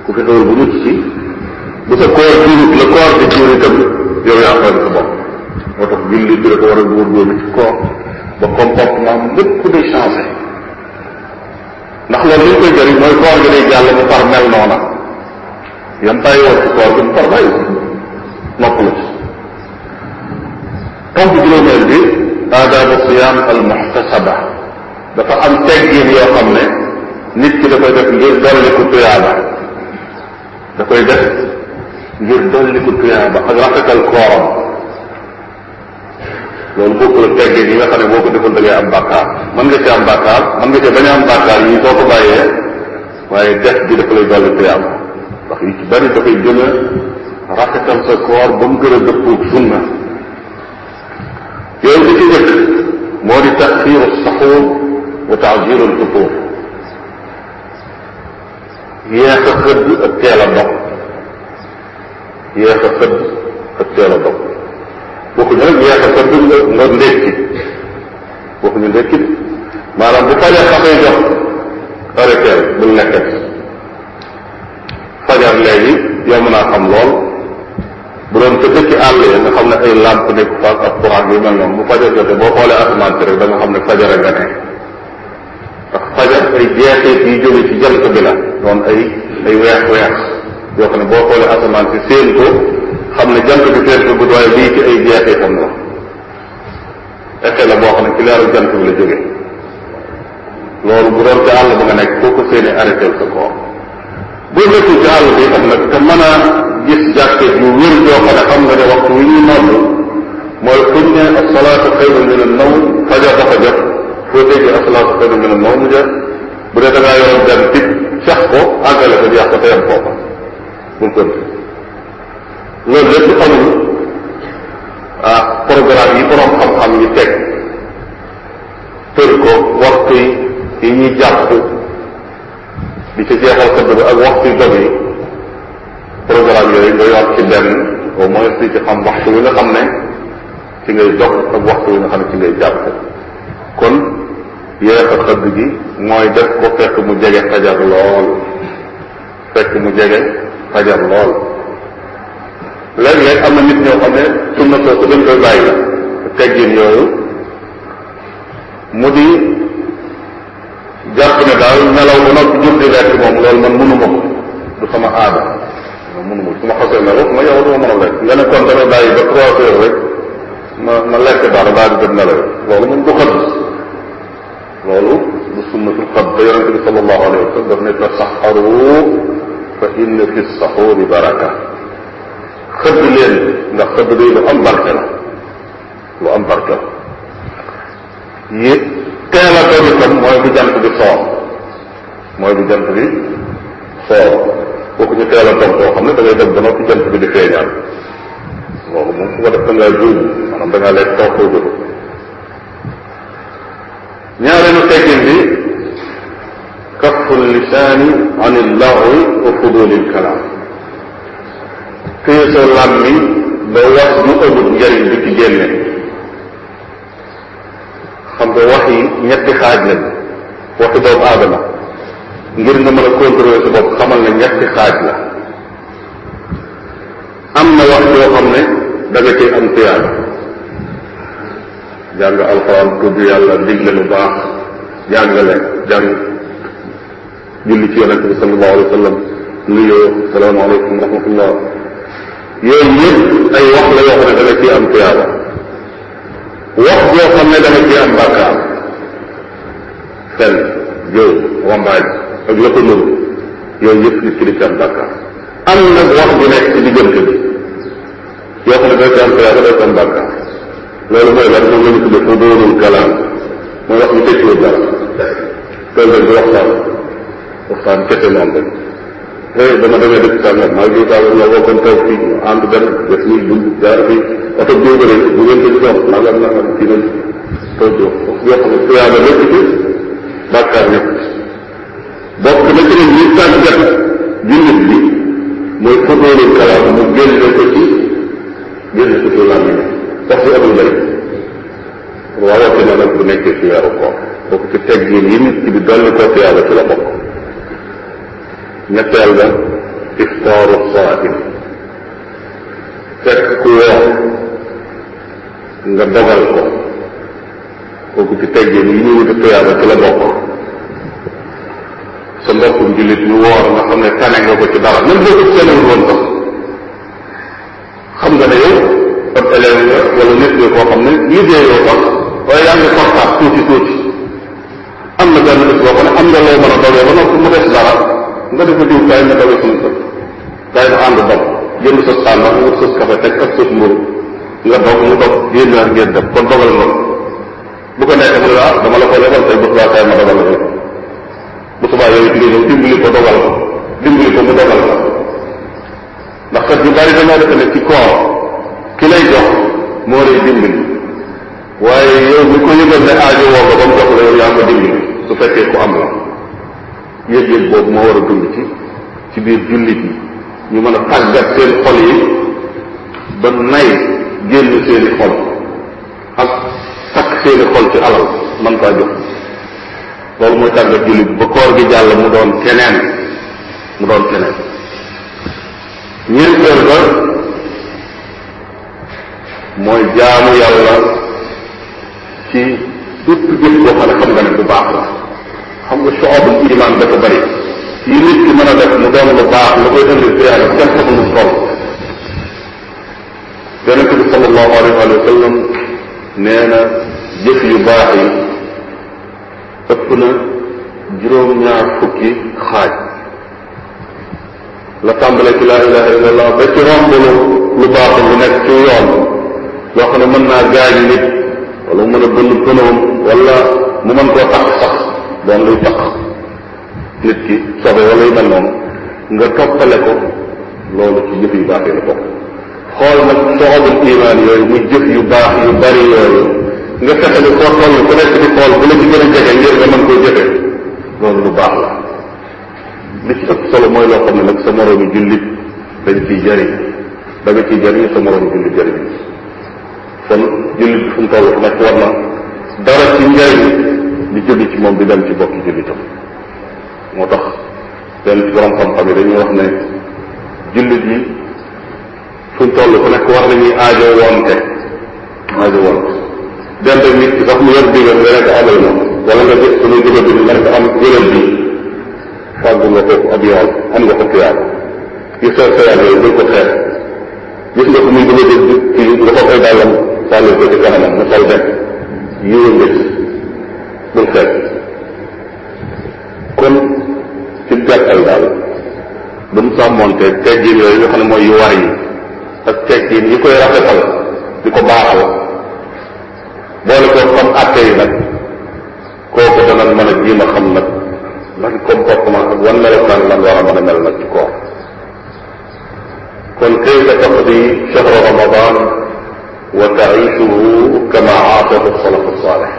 Speaker 1: ku fexewul bu mucc ci bu sa koor jiwut la koor di jiwut itam yow yaa xool sa bopp moo tax julli bi dafa war a góorgóorlu ci koor ba comportement lépp day changé ndax loolu li ñu koy jëriñ mooy koor gi day jàll mu far mel noona yam bàyyi woon ci koor gi mu far bàyyi noppalu ci tomb juróomeel bi aadaabu al muhtasaba dafa am teggin yoo xam ne nit ki da koy def ngir dolli ko tuyaaba da koy def ngir dolli ko tuyaaba ak rafetal kooram loolu bokkul ak teggin yi nga xam ne boo ko deful da ngay am bàkkaar mën nga ci am bàkkaar mën am bàkkaar yi soo ko bàyyee waaye def bi dafa lay dolli tuyaaba ndax yi ci bari da rafetal sa koor ba mu gën a dëppoog sunna yooyu bi ci jëkk moo di taxiiru saxuur wa taajiru lfutuur yéex a xëdd ak teel a dog a xëdd ak teel a dog waxuñu rek yéex a xëdd nga nga ndékki waxuñu ndékki maanaam bu fajar xafay jox arrêteel bul nekkati fajar naa xam lool bu doon ca dëkki àll yi nga xam ne ay làmp nekk fa ak xam ne mel noonu bu fajar jotee boo xoolee asamaan si rek da nga xam ne fajar nga ne ndax fajar ay jeexit ci jant bi la doon ay ay xam ne boo xoolee asamaan si ko xam ne jant bi seen ko bu waaye bii ci ay jeexitam la effet la boo xam ne a leeru jant bi la jóge loolu bu doon ca àll ba nga nekk foo ko séenee arrêté sa koor boo nekkul ci àll te mën a gis jàkke ju wér joo xam ne xam nga ne waxtu wi ñuy nodd mooy fuñ ne asalaatu xayru min an nawm fajar dafa jot foo dégg asalaatu xayru min an nawm jeex bu dee da ngaa yoroon benn tig sax ko àggale ko jeex ko te yem foofa bul konti loolu lépp xamul ah programme yi borom xam-xam yi teg tër ko waxtu yi ñuy jàpp di ca jeexal xëdd bi ak programme yooyu nga yor ci benn au moins di ci xam waxtu wi nga ne ci ngay dox ak waxtu wi nga xam ne ci ngay jàpp kon yeex gi mooy def ko fekk mu jege fajar lool fekk mu jege fajar lool léeg-léeg am na nit ne sunna soosu dañ koy bàyyi la teggin yooyu mu di jàpp ne daal nelaw ba noppi jóg di moom loolu man mënuma ko du sama aada ma mënu ma su ma xasee ma yow ma mën a lekk nga kon damay bàyyi ba trois heures ma ma lekk dara daal la loolu moom du xaddu loolu du sunnatul xadd ba yonente bi sallallahu alayhi wa fa inna fi saxuri baraka xëdd leen ndax xëdd day la lu am la yi teel a toog itam mooy bi soor bi soor kooku ñu teel a toog koo xam ne da ngay dem ba noppi jant bi di feeñaat loolu moom ku ko def da ngaa juum maanaam da ngaa lekk toog koo jóg ñaareelu teggin bi kaful lisaani an illahi wa fudulil kalaam téye sa làmmi ba wax ñu ëmut njëriñ bi ci génne xam nga wax yi ñetti xaaj lañ waxi doomu aadama ngir nga mën a contrôler xamal ne ñetti xaaj la am na wax yoo xam ne da nga cay am tiyaaba jàng alxuraan tudd yàlla digle lu baax jàngale jàng julli ci yonente bi sallallahu alayhi wa sallam nuyoo salaamaaleykum wax la yoo ne da nga ciy am wax yoo xam ne da nga ciy am bàkkaar fenn jëw wambaaj ak la ko nuru yooyu yëpp nit ki di ci am am nag wax ju nekk ci diggante bi yoo xam ne doo ci am tuyaaba doo ci am bàkkaar loolu mooy la ñu tuddee xuduurul kalaam mooy wax ñu tekkiwul dara loolu nag du waxtaan la am rek eh dama demee dëkk sàngam maa ngi sàngam nga bokkoon toog fii ñu ànd dem def nii dund jaar fii oto bi nga rek bu ngeen ko jox nangam nangam ci nañ toog jox yoo xam ne tuyaaba nekk ci bokk na ci nag ñuy tàggat jullit bi mooy fotoolu kalaam mu génne ko ko ci làmmiñ wax ci amul njëriñ rawatina bokk ci teggin yi nit ki di dolli ko ci yàlla ci bokk ñetteel ba iftaaru saaim fekk ku woor nga dogal ko kooku ci bokk sa mbokkum jullit ñu woor nga xam ne tane nga ko ci dara même boo ko senewul woon sax xam nga ne yow ab élève nga nit nga koo xam ne liggéeyoo sax waaye yaa ngi tuuti tuuti am na benn bés boo xam ne am nga loo mën a dogee ba noppi mu des dara nga defa diw kaay nga dogee suñu sëf kaay nga ànd dog jënd sa sàndax nga sës kafe teg ak sës mburu nga dog mu dog génn ak ngeen def kon dogal loolu bu ko nekkee mu ne ah dama la ko lebal tey bés waa kaay ma dogal la subaa yooyu nga ñëw dimbali ko dogal ko dimbali ko mu dogal ko ndax ki lay jox moo lay dimbali waaye yow mi ko yëgal ne aajo woo ba mu jox la yow yaa ko dimbali su fekkee ku am la yëg boobu moo war a ci biir jullit yi ma mën a tàggat seen xol yi ba nay génn seeni xol ak takk seeni xol ci alal mën kaa jox loolu mooy tàggat jullit ba koor gi jàll mu doon keneen mu doon keneen ñeenteel ba mooy jaamu yàlla ci bépp jëf boo xam ne xam ne bu baax la xam nga soxobul iman dafa bari yi nit ki mën a def mu doon lu baax lu koy indi ci yàlla kenn xamul mu toll yonente bi sallallahu alayhi wa sallam nee na jëf yu baax ëpp na juróom-ñaar fukki xaaj la tàmbale ci laa ilaha illallah ba ci romb lu lu baaxul lu nekk ci yoon mën naa gaañ nit wala mu mën a bënn pënoom wala mën koo tax sax doon tax nit ki sobe wala yu mel noonu nga ko loolu ci jëf yu baax yi la bokk xool nag soxobul imaan yooyu mu jëf yu baax yu bari yooyu nga fexe ne foo toll ku nekk di xool bu la ci gën a jege ngir nga mën koo jëfe loolu lu baax la li ci ëpp solo mooy loo xam ne nag sa moroomi jullit dañ ciy jariñ da nga ciy jariñ sa moroomi jullit jariñ kon jullit bi fu mu toll nag war na dara ci njariñ di jóge ci moom di dem ci bokki jullitam moo tax benn ci borom xam-xam yi dañuy wax ne jullit yi fu mu toll ku nekk war nañuy aajo woonte aajo woonte dend ak nit ki sax mu yor biiram nga wala nga jël suñu jëba bi nga nekk am jëlal bi fàggu nga foofu ab yoon ko tuyaaba yu seet sa yàlla yooyu xeex gis nga ko muy jëba jël ci nga ko koy dàllam sànni ko ci kanamam nga sol dem yiwu nga ci bul xeex kon ci gàttal daal bu mu sàmmoonte teggin yooyu nga xam ne mooy yu war yi ak teggin yi koy rafetal di ko baaxal boole koo xam àtte yi nag kooku danañ mën a jiima xam nag ban comportement ak wan melokaan lan war a mën a mel nag ci koor kon kayfa taqdi shahra ramadan wa taishuhu kama aatahu salafu saalih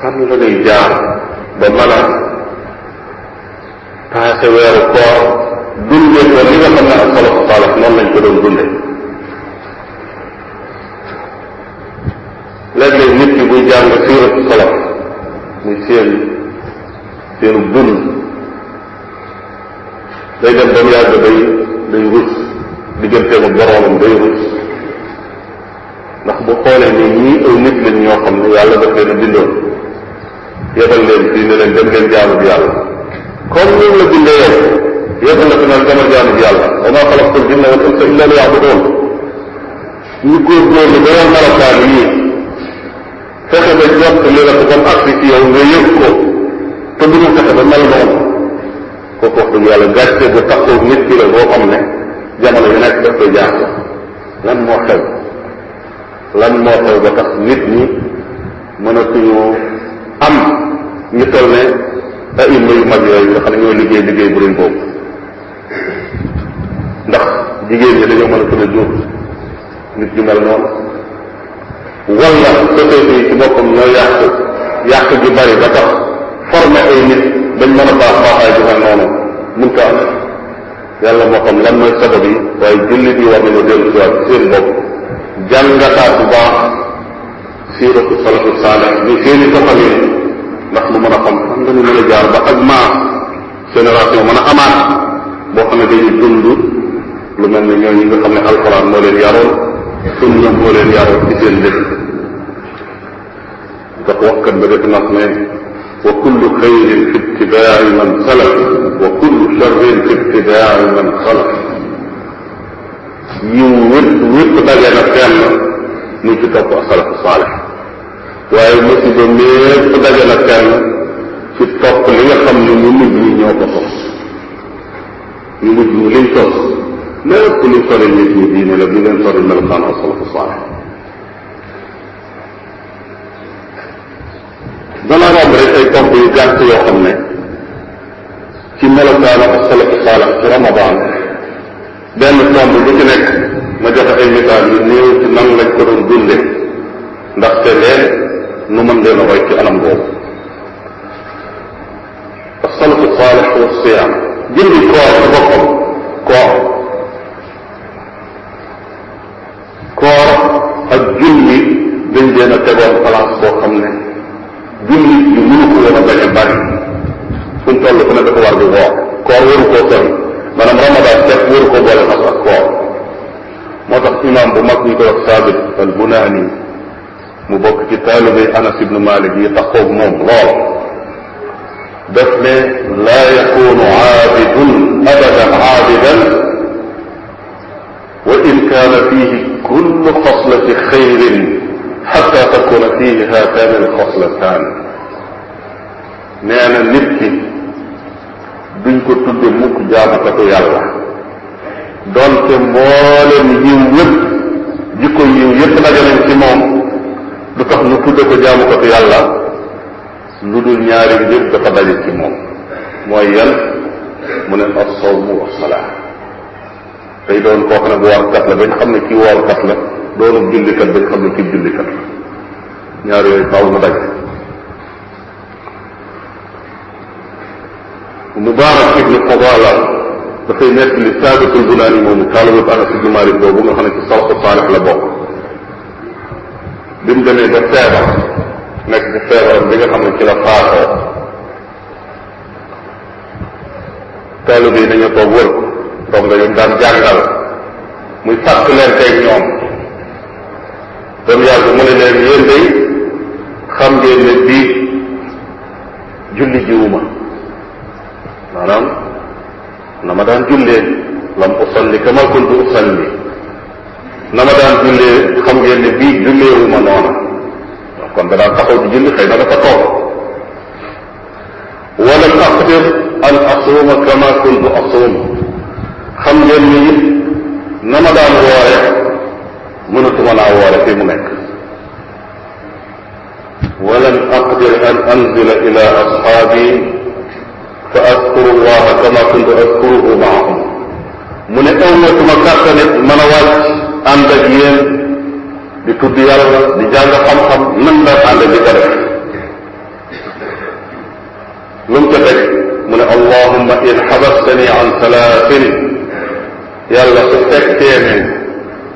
Speaker 1: fan la lay jaar ba mën a paase weeru koor dundee ko li nga xam ne ak salafu saalih noonu lañ ko doon dundee léeg-léeg nit ki buy jàng siiratu salaf muy seen seenu dund day dem ba mu yàgg day day rus digganteem ak boroomam day rus ndax bu xoolee ni ñii aw nit lañ ñoo xam ne yàlla daf leen a bindoon yebal leen fii ne leen dem leen jaamu bi yàlla comme ni la bindee yow yebal na fi naan demal jaamu bi yàlla wa maa xalaqtul jinna wal insa illa liya'buduun ñu góorgóorlu ba yow melokaan yii fexe ba jot li la ko ba mu nga yëg ko te du ma fexe ba mel noonu kooku wax dëgg yàlla gàcce bu taxaw nit ki la boo xam ne jamono yu nekk daf koy jaaxle lan moo xew ba tax nit ñi mënatuñoo am ñu toll ne ay ima yu mag yooyu nga xam ñoo liggéey liggéey bu rëy boobu ndax jigéen ñi dañoo mën a tudd jur nit ñu mel noonu wala société yi ci boppam ñoo yàq yàq ju bari ba tax former ay nit dañ a baax noonu mun ko am yàlla moo xam lan mooy sabab yi waaye jullit yi war nañu dellu siwaat seen bopp jàngataat bu baax siiratu salatu saalih ñu seeni doxalin ndax mu mën a xam fan nga ñu mën a jaar ba ak maa génération mën a amaat boo xam ne dañuy dund lu mel ne ñooñu nga xam ne alxuraan moo leen yaroon sunna moo leen yaroon ci ndax waxkat ba def nag ne wa kullu xayrin fi ittibaai man salaf wa kullu charrin fi ittibaai man xalaf yiw wépp wépp daje na fenn muy ci topp asalafu saalix waaye musiba mépp daje na fenn ci topp li nga xam ne ñu mujj ñi ñoo ko sos ñu mujj ñi liñ sos lépp li sori nit ñi diine la bi leen sori melokaan asalafu saalix dana romb rek ay tomb yu gàtt yoo xam ne ci melokaanu ak salafu saalax ci ramadan benn tomb bu ci nekk ma joxe ay misaal yu néew ci nan lañ ko doon dunde ndaxte leen nu mën leen a roy ci anam boobu ak salafu saalax julli dañ leen a tegoon place boo xam ne julli ñu mënu ko woon a bañ a bari fu mu toll ku ne dafa war di woor koor waru koo sori maanaam ramadan def waru ko boole nag ak koor moo tax imam bu mag ñu koy wax Saabit al Bunaani mu bokk ci taalibe Anas ibnu Malik yi taxoog moom lool def ne laa yakunu aabidun abadan aabidan wa in kaana fiihi kullu xaslati xayrin xatta takuna fihi haatani alxoslataan nee na nit ki duñ ko tudde mukk jaamukatu yàlla doonte mboolem yiw yëpp jikko yiw yëpp dajaleñ ci moom du tax ñu tudde ko jaamukatu yàlla lu dul ñaari mbir dafa daje ci moom mooy yan mu ne as sawmu wa salaa doon koo xam ne bu warkat la kii warkat la doonub jullikat ba xam ne kii jullikat la ñaar yooyu faaw mu daj Mubaarak ibnu Fadala dafay nekk li Saabitul Bunaani moomu taalibab Anas ibnu Maalik boobu nga xam ne ci salfu saalix la bokk bi mu demee ba feebar nekk ci feebaram bi xam ne ci la faatoo taalib yi dañoo toog ko doom nga ñu daan jàngal muy fàtt leen tey ba mu yàgg mu ne leen yéen day xam ngeen ne bii julli jiwuma maanaam na ma daan jullee lam usalli kama kuntu usalli na ma daan jullee xam ngeen ne bii julleewuma noona kon da daan taxaw di julli xëy na dafa toog walam aqdir an asuuma kama kuntu asuum xam ngeen ni it na ma daan woore mënatuma laa woore fii mu nekk walan aqdir an anzila ila ashaabi fa askuru llaha kama kuntu askuruhu maahum mu ne awmatuma kàttan it mën a wàcc ànd ak yéen di tudd yàlla di jàng xam-xam nan la ànd di ko def lu mu ca teg mu ne allahumma in xabastani an salaasin yàlla su fekkee ne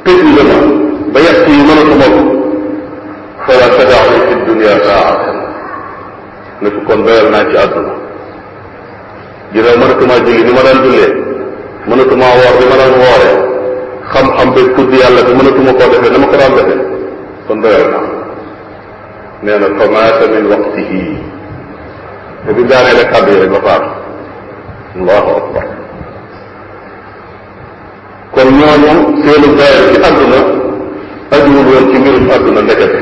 Speaker 1: tëj nga ma ba yàq yi mënatu bopp fala tadau fi dunia taatan ne ko kon doyal naa ci àdduna ginnaaw mënatumaa julli ni ma daan jullee mënatumaa woor ni ma daan wooree xam-xam beeg tudd yàlla bi mënatuma koo defee kon doyal naa nee na fa maata min waqtihi te bi daanee rek kàddu yi rek la faatu allahu akbar kon ñooñu seenu doyal ci àdduna ajuwul woon ci mbirum àdduna ndekete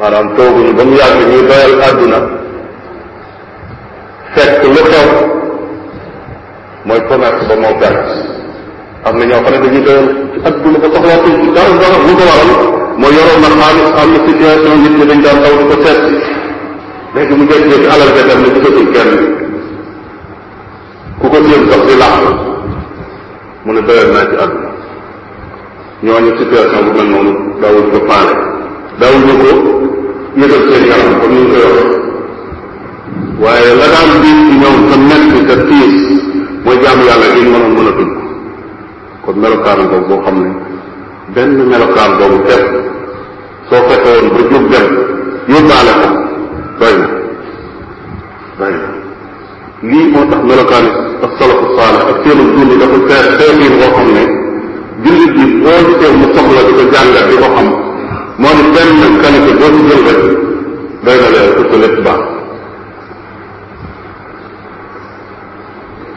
Speaker 1: maanaam tooguñu ba mu yàgg ñuy doyal àdduna fekk lu xew mooy commerce ba moo perte am na ñoo xam ne dañuy doyal ci àdduna ba waral mooy yoroon na xaalis am na situation nit ñi dañ daan daw di ko seet léegi mu jëkk jëkk alal ja dem ne gisatul kenn ku ko jéem sax di làq mu ne doyal naa ci ñooñu situation bu mel noonu daawuñ ko faale daawuñu ko yëgal seen yaram comme ni ñu koy wax waaye la daan biir ci ñoom sa metti sa tiis mooy jaamu yàlla gi ñu mën a dugg kon melokaan boobu boo xam ne benn melokaan boobu def soo fexe ba jóg dem yóbbaale ko doy na doy na lii moo tax melokaan ak salafu saala ak seenu dund dafa seet seetiin boo xam ne jullit bi boo gisee mu soxla di ko jàngat di ko xam moo ni benn qualité boo ci jël rek doy na leen pour que lépp baax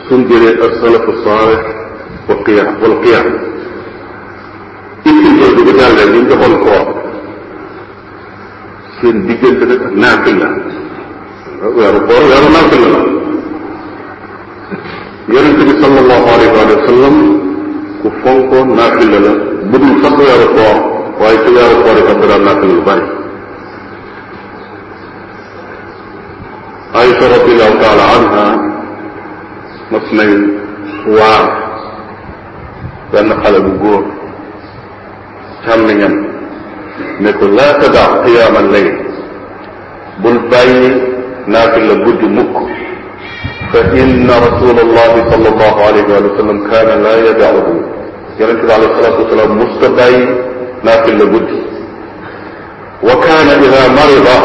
Speaker 1: suñ jëlee ak salafu saalih wa qiyaam wal qiyaam itti jël di ko jàngat ñu joxoon koor seen diggante nag ak naafil la weeru koor weeru naafil la yonente bi sallallahu alayhi wa sallam ku fonkoon naafila la budul sax weeru koor waaye ci weeru koor itam daan naafila yu bari Aysa radiallahu taala anha mas nañ waar benn xale bu góor càmmiñam ne ko laa tadaa qiyaama layl bul bàyyi naafila guddi mukk فإن رسول الله صلى الله عليه wa sallam kaana laa yada'uhu yonente bi alayhi salaatu wasalaam musta bàyyi naafil la guddi wa kaana ida marida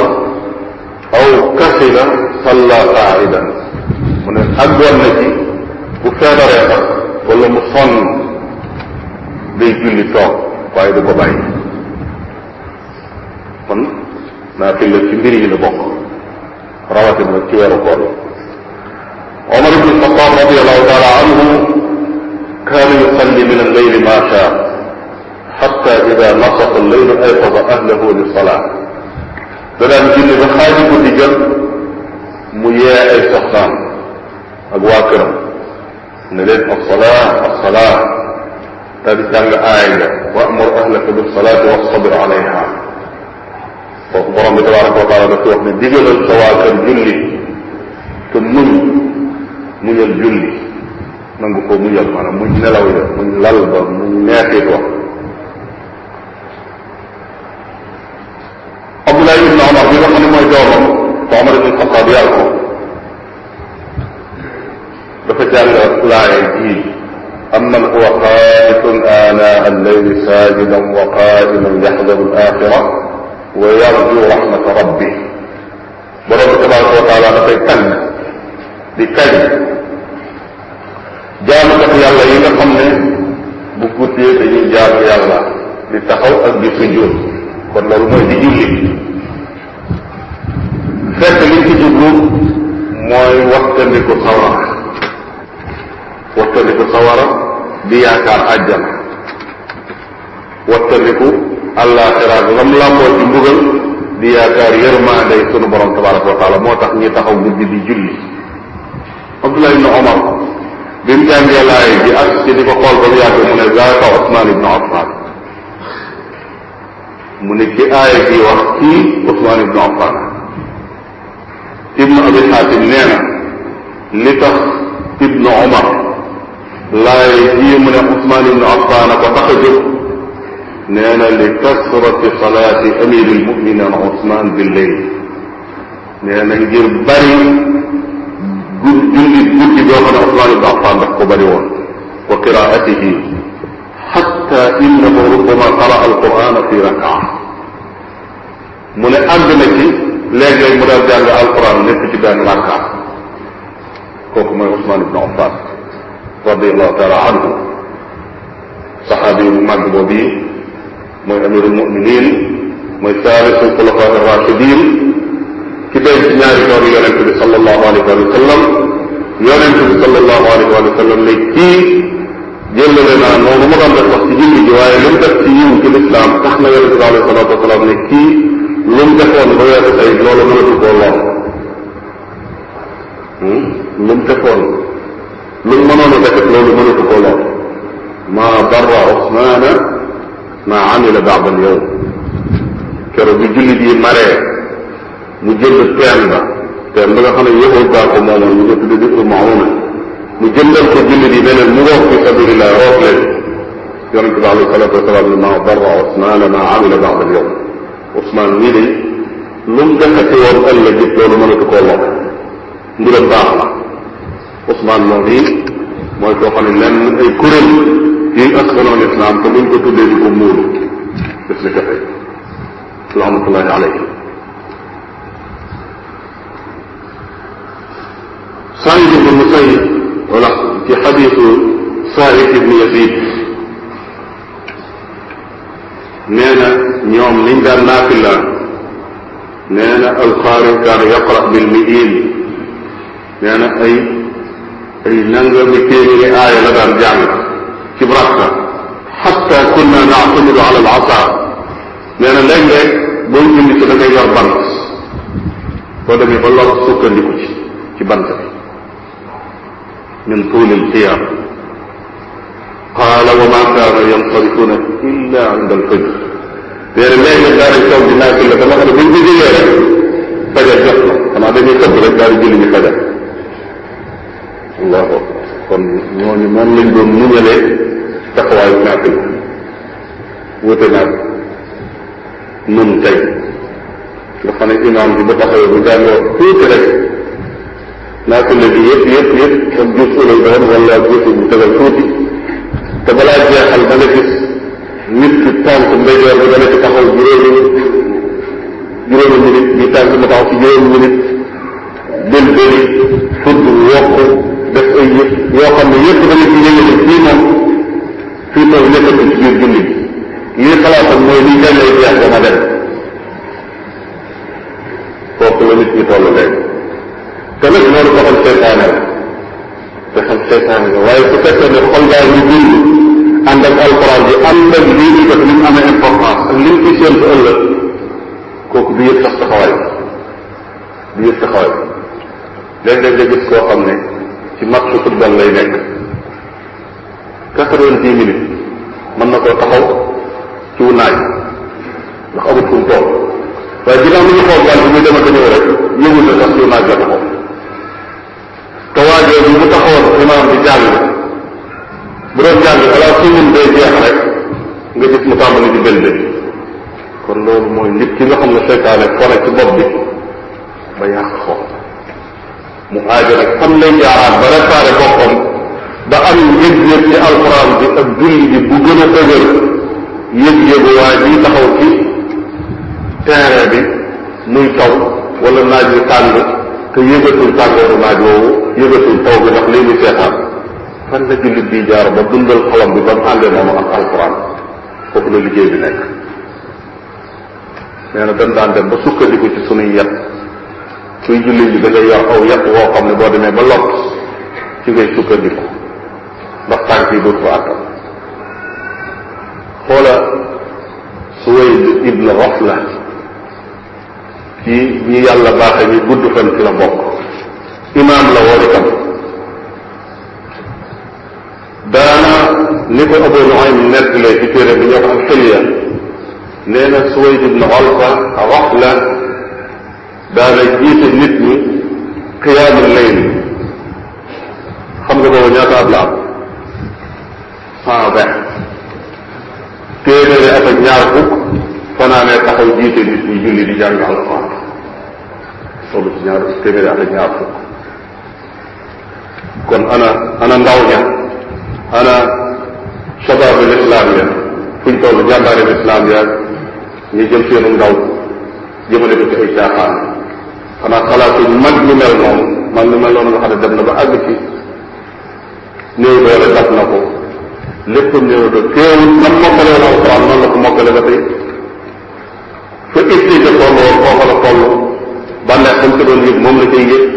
Speaker 1: aw kasila salla qaa'idan mu ne àggoon na ci bu feebaree sax wala mu sonn day julli toog waaye du ko bàyyi kon naafil la ci mbir yi la bokk rawatina ci weeru koor عمر بن الخطاب رضي الله تعالى عنه كان يصلي من الليل ما شاء حتى إذا نصف الليل أيقظ أهله للصلاة danaan julli ba xaaji guddi jot mu yee ay soxnaam ak waa këram ne leen assalaa assalaa daal di jàng aay nga wa'mur ahlaka bisalaati wastabir alayha foofu borom bi tabaraka wa taala daf wax ne digalal sa waa kër julli te muñ muñal julli nangu ko muñal maanaam muñ nelaw ya muñ lal ba muñ neexi ko Abdullah ibn Omar bi nga xam ne mooy doomam ko Omar ibn Xataab yar ko dafa jàng laaya jii أما هو قائت آناء الليل ساجدا وقائما يحذر الآخرة ويرجو رحمة ربه borom bi tabaraka wa taala dafay tànn di kañ jaamukat yàlla yi nga ne bu guddee dañuy jaamu yàlla di taxaw ak di sujjóot kon loolu mooy di julli fekk liñ ci jublu mooy wattandiku sawara wattandiku sawara di yaakaar àjjana wattandiku àllaaxira lam làmboo ci mbugal di yaakaar yërmaande sunu borom tabaraka wa taala moo tax ñi taxaw guddi di julli Abdullah ibn Omar bi mu jàngee laay ji ak ci di ko xool ba mu yàgg mu ne zaaka Ousmane ibn Affan mu ne ci aaya bi wax kii Ousmane ibn Affan ibnu Abi Xaatim nee na li tax ibnu Omar laay ji mu ne Ousmane ibn Affan ko tax a jóg nee na li kasrati salaati amiril muminin Ousmane bi leyl nee na ngir bari jullit guddi boobu nag Usmaan ibn Affaan daf ko bëri woon wa qiraatihi xatta innahu rubbama qara alqurana fi rakaa mu ne àgg na ci léeg-léeg mu daal jàng alquran lépp ci benn rakka kooku mooy Usmaan ibn Affaan radiallahu taala anhu saxaabi bu màgg boobu mooy amirul muminin mooy saalisu xulafa rachidin ci denc ñaari doom yonente bi sallallahu alayhi wa sallam yonente bi sallallahu alayhi wa sallam ne kii jëllale naa noonu mu doon def wax ci julli ji waaye lu mu def ci yiw ci lislaam tax na yonente bi alayhi salatu wasalaam ne kii lu mu defoon ba weesu tey loolu mënatu koo lor hmm? lu mu defoon lu mu mënoon a def loolu mënatu koo lor ma barra Usmaana ma amila baada al yawm keroog bi jullit yi maree mu jënd teen ba teen ba nga xam ne yëgoon baa ko moomoon ñu ko tudde di ko maamuna mu jëndal ko jullit yi neneen mu roof fi sabilillah roof leen yonente bi alayhi salatu wasalaam ne maa darra Ousmane maa amila ba'd al yawm Ousmane nii de lu mu defati woon ëllëg it loolu mënatu koo lor mbiram baax la Ousmane moom yi mooy koo xam ne lenn ay kuréel yuy askanoon islam te buñ ko tuddee di ko muuru def ni kafe rahmatullahi alayhi Saïd ibn Musayyib wala ci xadiisu Saïd ibn Yazid nee na ñoom liñ daan naafila nee na alxaaris daan yaqra bil miin nee na ay ay nangami téeméeri aaya la daan jàng ci brasta xatta kunna naatamidu ala al asa nee na léeg-léeg boo indi si da ngay yor bant boo demee ba lor sukkandiku ci ci bant bi من طول القيام قال وما كانوا ينصرفون إلا عند الفجر nee na léeg-léeg daal di taw di naaj la dama xam ne buñ ko jëlee rek fajar jot na xanaa dañuy tëb rek daal di jëli ñu fajar allahu akbar kon ñooñu noonu lañ doon muñalee taxawaayu naaj la wute naaj nun tey nga xam ne imaam bi ba taxawee bu jàngoo tuuti rek naa ko léegi yëpp yëpp yëpp ak jur suulal doon wala jur bu tegal tuuti te balaa jeexal da nit ki tànk ndeyjoor bi dana ci taxaw juróomi juróomi minute bi tànk ma taxaw ci juróomi minute jël bëri fudd wokk def ay yëpp xam ne yëpp da nga ci fii moom fii moom nekkatul ci biir julli lii xalaatam mooy lii jàngay la te nag loolu doxal seetaane la doxal seetaane la waaye su fekkee ne xol daal ñu bind ànd ak alxuraan bi ànd ak lii ñu def li mu amee importance ak li mu ci séentu ëllëg kooku du yëg sax taxawaay du yëg taxawaay léeg-léeg nga gis koo xam ne ci match football lay nekk quatre-vingt-dix minutes mën na koo taxaw ci wu naaj ndax amul fu mu toog waaye ginnaaw li ñu xool daal bu muy dem ak ñëw rek yëngu na sax ci wu naaj la taxaw te waajoo bi mu taxoon imaam bi jàng bu doon jàng balaa suñun day jeex rek nga mu tàmbali di bënd kon loolu mooy nit ki nga xam ne seytaane ci bopp bi ba yàq ko mu aajo nag am lay jaaraat ba réparé boppam ba am yëg-yëg ci alxuraan bi ak julli bi bu gën a dëgër yëg-yëgu waa ji taxaw ci terrain bi muy taw wala naaj wi tàng te yëgatul tàngooru naaj woowu yëgatul taw bi lii ñu seetaan fan la jullit bi jaar ba dundal xolam bi ba mu àndee moom ak alxuraan foofu la liggéey bi nekk nee na dañ daan dem ba sukkandiku ci sunuy yet kuy jullit bi da ngay yor aw yet woo xam boo demee ba lott ci ngay sukkandiku ndax tànk yi dootu ko àttan xoola su ibn Rafla ci ñi yàlla baaxe ñu gudd fan ci la bokk imaam la woon itam daana ni ko Abu Nuaym nettalee ci téere bi ñoo ko am xiliya nee na Suwayd ibn Alqa Rafla daana jiite nit ñi qiyaamul layl xam nga boobu ñaata at la am cent vingt téeméeri at ak ñaar fukk fanaanee taxaw jiite nit ñi julli di jàng alquran toll ci ñaar téeméeri ak ñaar fukk kon ana ana ndaw ña ana sababul islam ya fuñ toll jàmbaari islam ya ñu jëm seenu ndaw jëmale ko ci ay caaxaan xanaa xalaatuñ mag ñu mel noonu mag ñu mel noonu nga xam ne dem na ba àgg ci néew doole dab na ko lépp néew do teew nam mokkalee alxuraan noonu la ko mokkale ba tey fa itti ca toll woon foofa la toll bànneex ba mu ko doon moom la koy yëg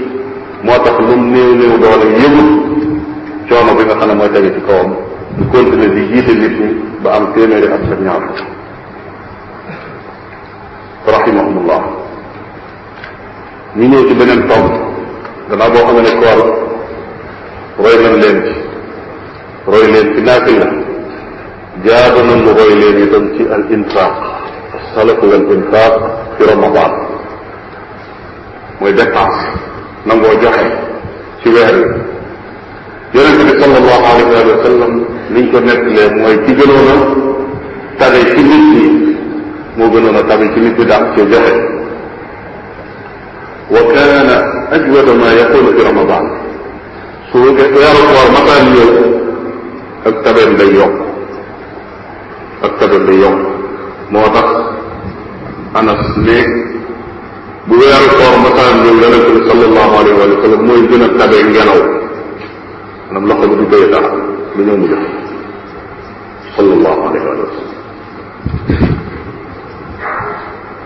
Speaker 1: moo tax lu mu néew néew doole yëgul coono bi nga xam ne mooy tege ci kawam di continuer di jiite nit ñi ba am téeméeri ak sa ñaar rahimahumullah ñu ñëw ci beneen tomb gannaaw boo xam ne roy nañ leen ci roy leen ci naafil la jaaba nañ roy leen itam ci al infaq salaku wal infaq fi ramadan mooy dépense nangoo joxe ci weer wi yonente bi sallallahu alayhi wa sallam liñ ko nettalee mooy ki gënoon a tabe ci nit ñi moo gënoon a tabe ci nit ñi daax cee joxe wa kaana ajwada ma yakunu fi ramadan su weeru koor masaan ñëw ak tabeem day yokk ak tabeem day yokk moo tax anas ne bu weeru koor masaan ñëw yonente bi sallallahu alayhi wa sallam mooy gën a tabee ngelaw maanaam loxo bi du tëye dara lu ñëw mu jox sallallahu alayhi wa sallam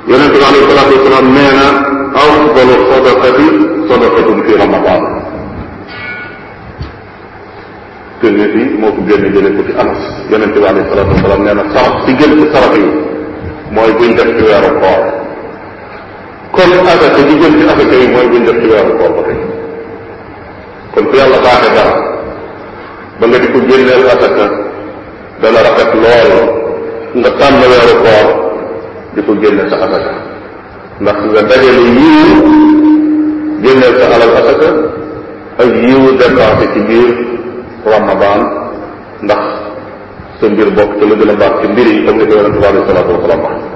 Speaker 1: yonente bi alayhi salatu wasalaam nee na afdalu sadaqati sadaqatun fi ramadan tërnit yi moo ko génne jële ko ci anas yonente bi alayhi salatu wasalaam nee na sarax si gën ci sarax yi mooy buñ def ci weeru koor kon asaka ñu gën ci asaka yi mooy buñ def ci weeru ba tey kon ku yàlla baaxe ba nga di ko génneel asaka dana rafet lool nga tànn weeru koor di ko génne sa asaka ndax nga dajale yiwu génneel sa alal asaka ak yiwu dépensé ci biir ramadan ndax sa mbir bokk te lu gën a baax ci mbir yi comme ni ko yonente bi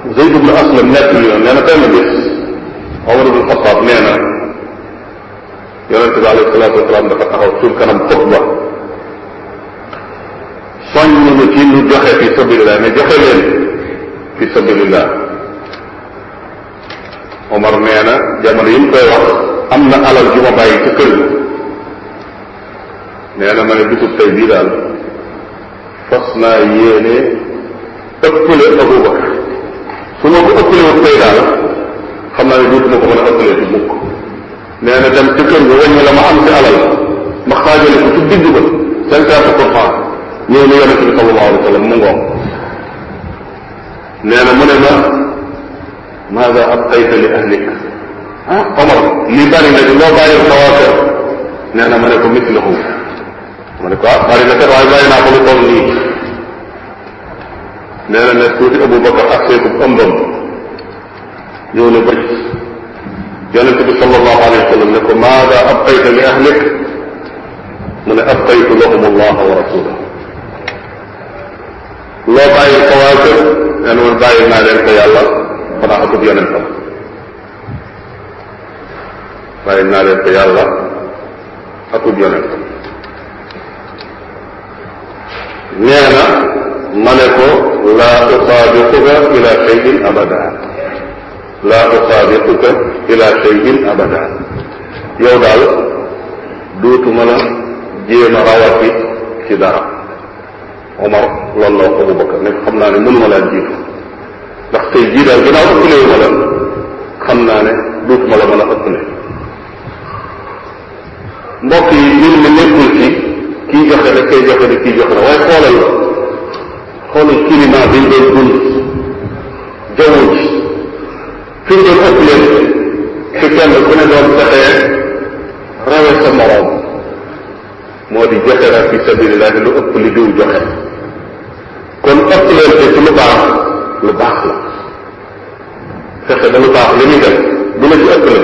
Speaker 1: Zayd ibn Aslam nettali na nee na benn bés Omar ibn Xataab nee na yonente bi alayhi salaatu wasalaam dafa taxaw suñ kanam xutba soññ ñu ci ñu joxe fi sabilillah ne joxe leen fi sabilillah Omar nee na jamono yi mu koy wax am na alal ju ma bàyyi ci kër nee na ma ne bisub tey bii daal fas naa yéene ëppale Abubakar su ma ko ëppalee woon tey daal xam naa ne duutuma ko mën a ëppalee ci mukk nee na dem ci kër ga wàññi la ma am ci alal ma xaajale ko ci digg ba cinquante pour cent ñëw ni yonente bi sallallahu alayhi wa sallam mu ngoom nee na mu ne ma maada abqayta li ahlik ah Omar lii bari na di loo bàyyi sa waa kër nee na ma ne ko mislahu ma ne ko ah bari na kat waaye bàyyi naa ko lu toll nii nee na ne tuuti Abu Bakar ak seekub ëmbam ñëw na bëj yonent bi sallallahu alayhi wa sallam ne ko maada abqayta li ahlik mu ne abqaytu lahum allah wa rasulah loo bàyyi ko waa kër nee na man bàyyi naa leen ko yàlla xanaa akub yonentam bàyyi naa leen ko yàlla akub yonentam nee na ma ne ko laa usaabiquka ila cheyin abada laa usaabiquka ila cheyin abada yow daal duutuma la jéem a rawati ci dara Omar loolu la wax Abu Bakar ne xam naa ne mënuma laa jiitu ndax tey jii daal ginnaaw ëppalewu ma la xam naa ne duutuma la mën a ëppale mbokk yi ñun mi nekkul ci kii joxe ne kay joxe ne kii joxe ne waaye xoolal la xoolal climat bi ñu doon dund jaww fi ñu doon ëpplee ci kenn ku doon fexee rawe sa moroom moo di fi sabilillahi lu ëpp li diw joxe kon ëppleente ci lu baax lu la fexe ba lu baax la ci ëpplee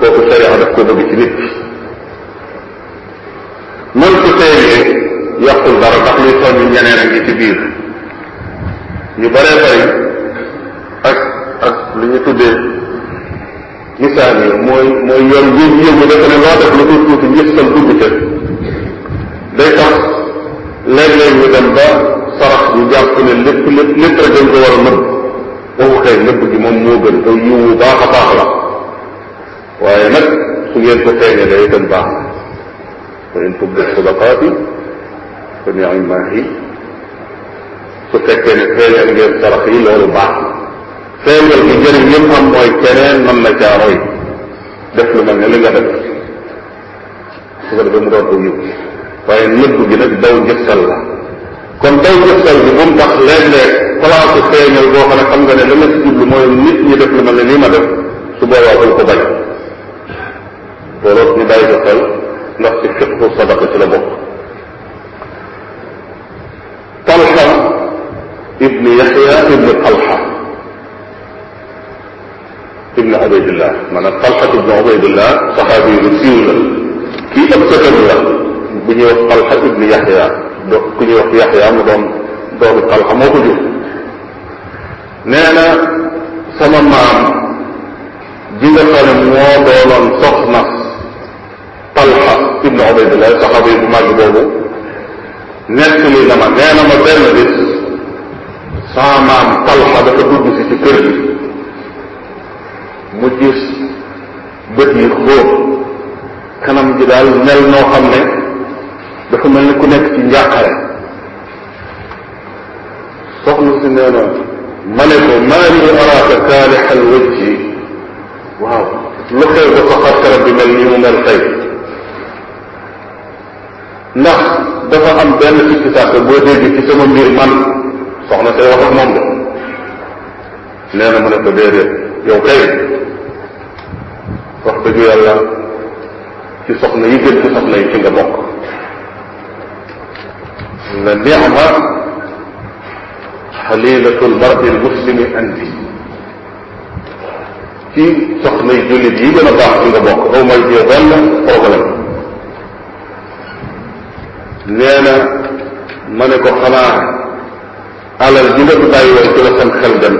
Speaker 1: kooku sharia daf ko bëgg ci nit mën ko teeyee yàqul dara ndax luy soññ ñeneen a ci biir ñu bëree bëri ak ak lu ñu tuddee misaal yi mooy mooy yoon yëg-yëg yi dafa ne loo def lu tuuti tuuti njëkk sam dugg ca day tax léeg-léeg ñu dem sarax ñu jàpp ne lépp lépp lépp war a nëbb boobu xëy gi moom moo gën te yiw baax la waaye nag su ngeen ko feeñee day gën baax na wa in tubdu sadaqaati fa ni'ma hiya su fekkee ne feeñal ngeen sarax yi loolu baax na feeñal gi njëriñ yëpp am mooy keneen mën na caa roy def lu mel ne li nga def su ko defee mu doon ko yëg waaye nëbb gi nag daw jëfsal la kon daw jëfsal bi bu mu tax léeg-léeg place feeñal boo xam ne xam nga ne la nga si jublu mooy nit ñi def lu mel ne nii ma def su boobaa bul ko bañ loolu ñu bàyyi ko xel ndax ci fiqhu sadaqa ci la bokk talxam ibn yaxya ibn talxa ibn ubaydillah maanaam talxa ibn ubaydillah saxaabi bu siiw la kii ab sëtam la bu ñuy wax talxa ibn yaxya do ku ñuy wax yaxya mu doon doomu talxa moo ko jur nee na sama maam ji nga xam ne moo doonoon soxna talxa ibn ubaydillah saxaabi bu màgg boobu nekk li na ma nee na ma benn bis sama maam Talxa dafa dugg si ci kër gi mu gis bët yi xóot kanam gi daal mel noo xam ne dafa mel ni ku nekk ci njàqare soxna si nee na ma ne ko maa ngi araaka kaalixal wajji waaw lu xew ba ko xarkaram bi mel ni mu mel tey ndax dafa am benn sikki sàkk boo dégg ci sama mbir man soxna say wax ak moom de nee na mu ne ko déedéet yow dëgg yàlla ci soxna yi gën ci soxna yi ci nga bokk la ni'ma xalilatul soxna yi jullit yi gën a baax ci nga bokk aw jee benn problème nee na ma ne alal ji nga fi bàyyi woon ci la seen xel dem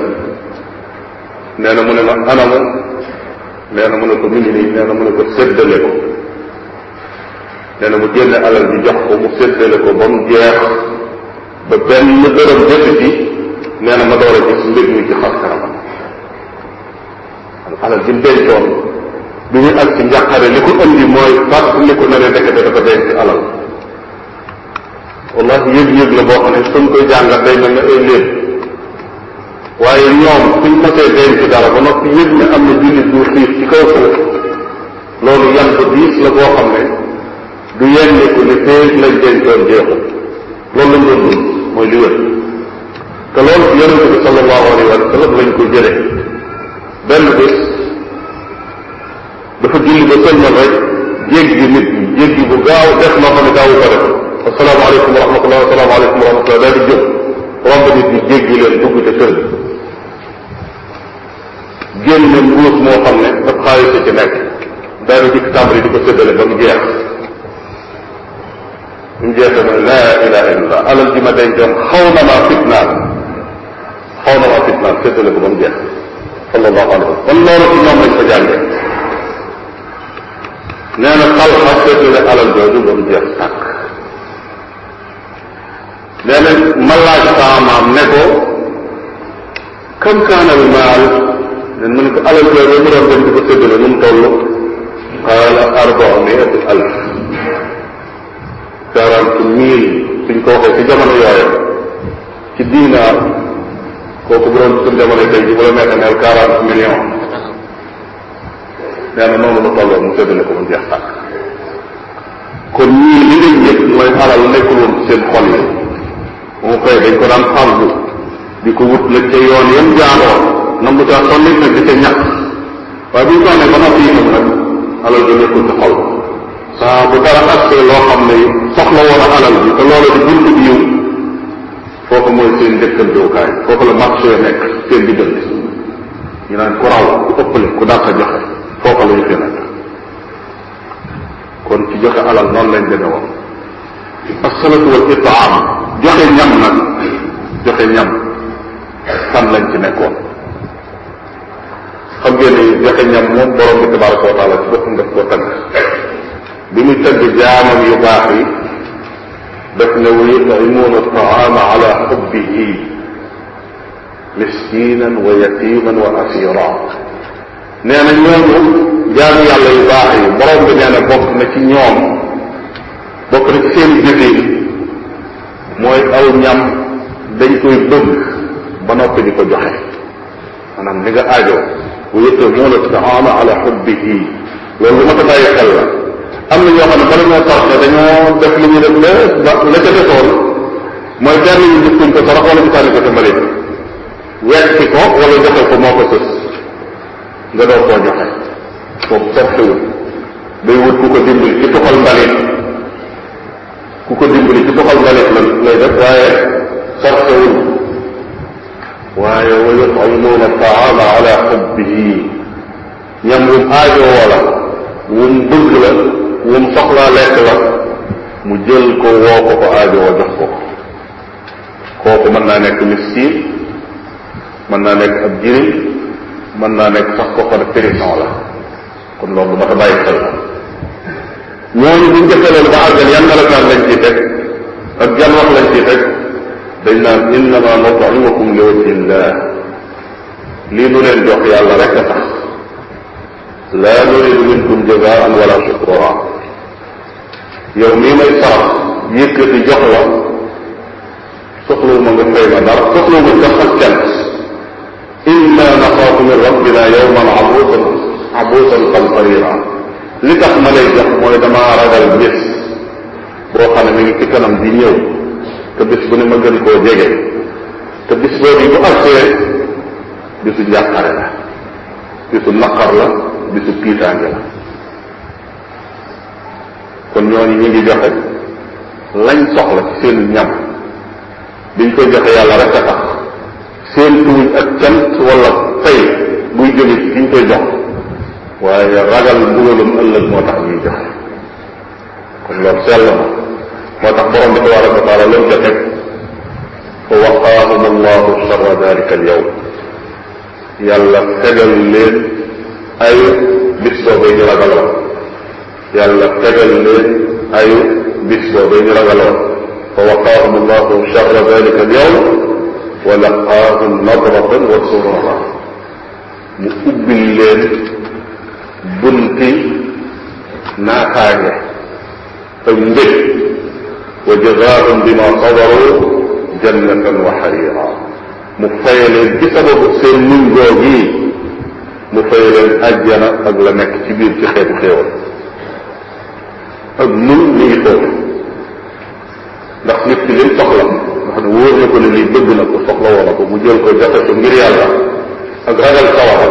Speaker 1: nee na mu ne ma anamu nee na mu ne ko mi ngi nee na mu ne ko séddale ko na mu génne alal ji jox ko mu séddale ko ba mu jeex ba benn dërëm desu ci nee na ma door a gis mbir mi ci xar kanamam alal ji mu dencoon bi muy ak ci njàqare li ko ëndi mooy fàttaliku na ne ndekete dafa denc alal wallahi yëg-yëg la boo xam ne suñ koy jàngat day mel ne ay léeb waaye ñoom suñ yëg ne am na jullit bu xiif ci kaw loolu yan ko diis la boo xam ne du yenniku ne féeg lañ dencoon jeexul loolu lañ doon dund mooy li loolu ci yonente bi sallallahu alayhi wa ko jële benn bés dafa julli ba sëlmal rek jéggi nit ñi jéggi bu gaaw def asalaamaaleykum wa rahmatulah asalaamaaleykum wa rahmatulah daal di jóg romb nit ñi jéggi leen dugg te kër génn ne mbuus moo xam ne daf xaalis ci nekk daal di dikk tàmbali di ko séddale ba mu jeex ñu jeexee ne laa ilaha illallah alal ji ma dencoon xaw na maa fitnaan xaw na maa fitnaan séddale ko ba mu jeex sallallahu alayhi wa sallam loolu ci ñoom lañ ko jàngee nee na xal xas séddale alal jooju ba mu jeex sàkk nee na ma laaj sama maam ne ko kam kaanal maal nen mu ne ko alal mu doon dem di ko séddale nu mu toll qaala arbaa miati alf quarante mille suñ ko waxee ci jamono yooya ci dinaar kooku bu doon suñ jamono tey ji bu la neexee neel quarante millions nee na noonu la tolloo mu séddale ko mu jeex tàkk kon ñii li moom koy dañ ko daan fàggu di ko wut nag ca yoon yam jaaroo nam bu caa sonnit nag di ca ñàkk waaye bu ñu sonnee ba noppi itam nag alal ji nekkul ci xol saa bu dara askee loo xam ne soxla woon a alal bi te loola di bunt bi yiw foofu mooy seen dëkkandokaay foofu la marché nekk seen diggante ñu naan ku raw ku ëppale ku dàq joxe foofa la ñu fi nekk kon ci joxe alal noonu joxe ñam nag joxe ñam fan lañ ci nekkoon xam ngeen ni joxe ñam moom borom bi tabaraka wa taala ci boppam daf koo tagg bi muy tagg jaamam yu baax yi daf ne wa yut'imuuna taama ala xubbihi miskinan wa yatiman wa asira nee na ñooñu jaamu yàlla yu baax yi borom bi nee na bokk na ci ñoom bokk na ci seen jëfee mooy aw ñam dañ koy bëgg ba noppi di ko joxe maanaam li nga aajo wa yut'imuuna at-ta'aama ala hubbihi loolu lu ma ko am na ñoo xam ne bala ñoo li ñuy def ba la ca desoon mooy benn ñu gis ko torox wala ñu sànni ko sa mbalit wekki ko wala joxe ko moo ko sës nga door koo joxe foofu ku ko dimbali ci tuxal mbalit ku ko dimbali ci doxal mbalit la lay def waaye forcewul waaye wa yut'imuuna taama ala xubbihi ñam wum aajoo wala wum bëgg la wum soxlaa lekk la mu jël ko woo ko ko aajoo jox ko kooku mën naa nekk miskin mën naa nekk ab jiriñ mën naa nekk sax ko ko def périsson la kon loolu lu ma ta bàyyi xel la ñooñu buñ defee loolu ba àggal yan melokaan lañ ciy teg ak yan wax lañ ciy teg dañ naan innama nutimukum li wajhillah lii nu leen jox yàlla rek a tax la nuridu minkum jazaan wala shukura yow mii may sarax yëkkati jox la soxlawuma nga fay ma dara soxlawuma sax ak cant inna naxaafu min rabbina yawman abuusan abuusan qamtarira li tax ma lay jox mooy damaa ragal bés boo xam ngi ci kanam di ñëw te bis bu ne ma gën koo jege te bis boobu bu agsee bisu njàqare la bisu naqar la bisu tiitaange la kon ñooñu ngi joxe lañ soxla ci seen ñam biñ koy joxe yàlla rek a tax seen tuuñ ak cant wala fay buy jóge ci ñu koy jox waaye ragal mbugalum ëllëg moo tax ñuy joxe kon loolu sell na moo tax borom bi tabaraka wa taala lam ca teg fa waqaahum allahu charra dalika al yawm yàlla tegal leen ayu bis boobee ñu ragaloon yàlla tegal leen ayu bis boobee ñu ragaloon fa waqaahum allahu charra dalika al yawm wa laqaahum nadratan wa surura mu ubbil leen bunti naataange ak mbég wa jazaahum bima sabaru jannatan wa xarira mu fayaleen ci sababu seen muñ googi mu fayaleen ajjana ak la nekk ci biir ci xeetu xéewal ak muñ mi ngi foofu ndax nit ki lim soxla nga xam ne wóor na ko ne lii bëgg na ko soxla woon na ko mu jël ko joxe ko ngir yàlla ak ragal sawara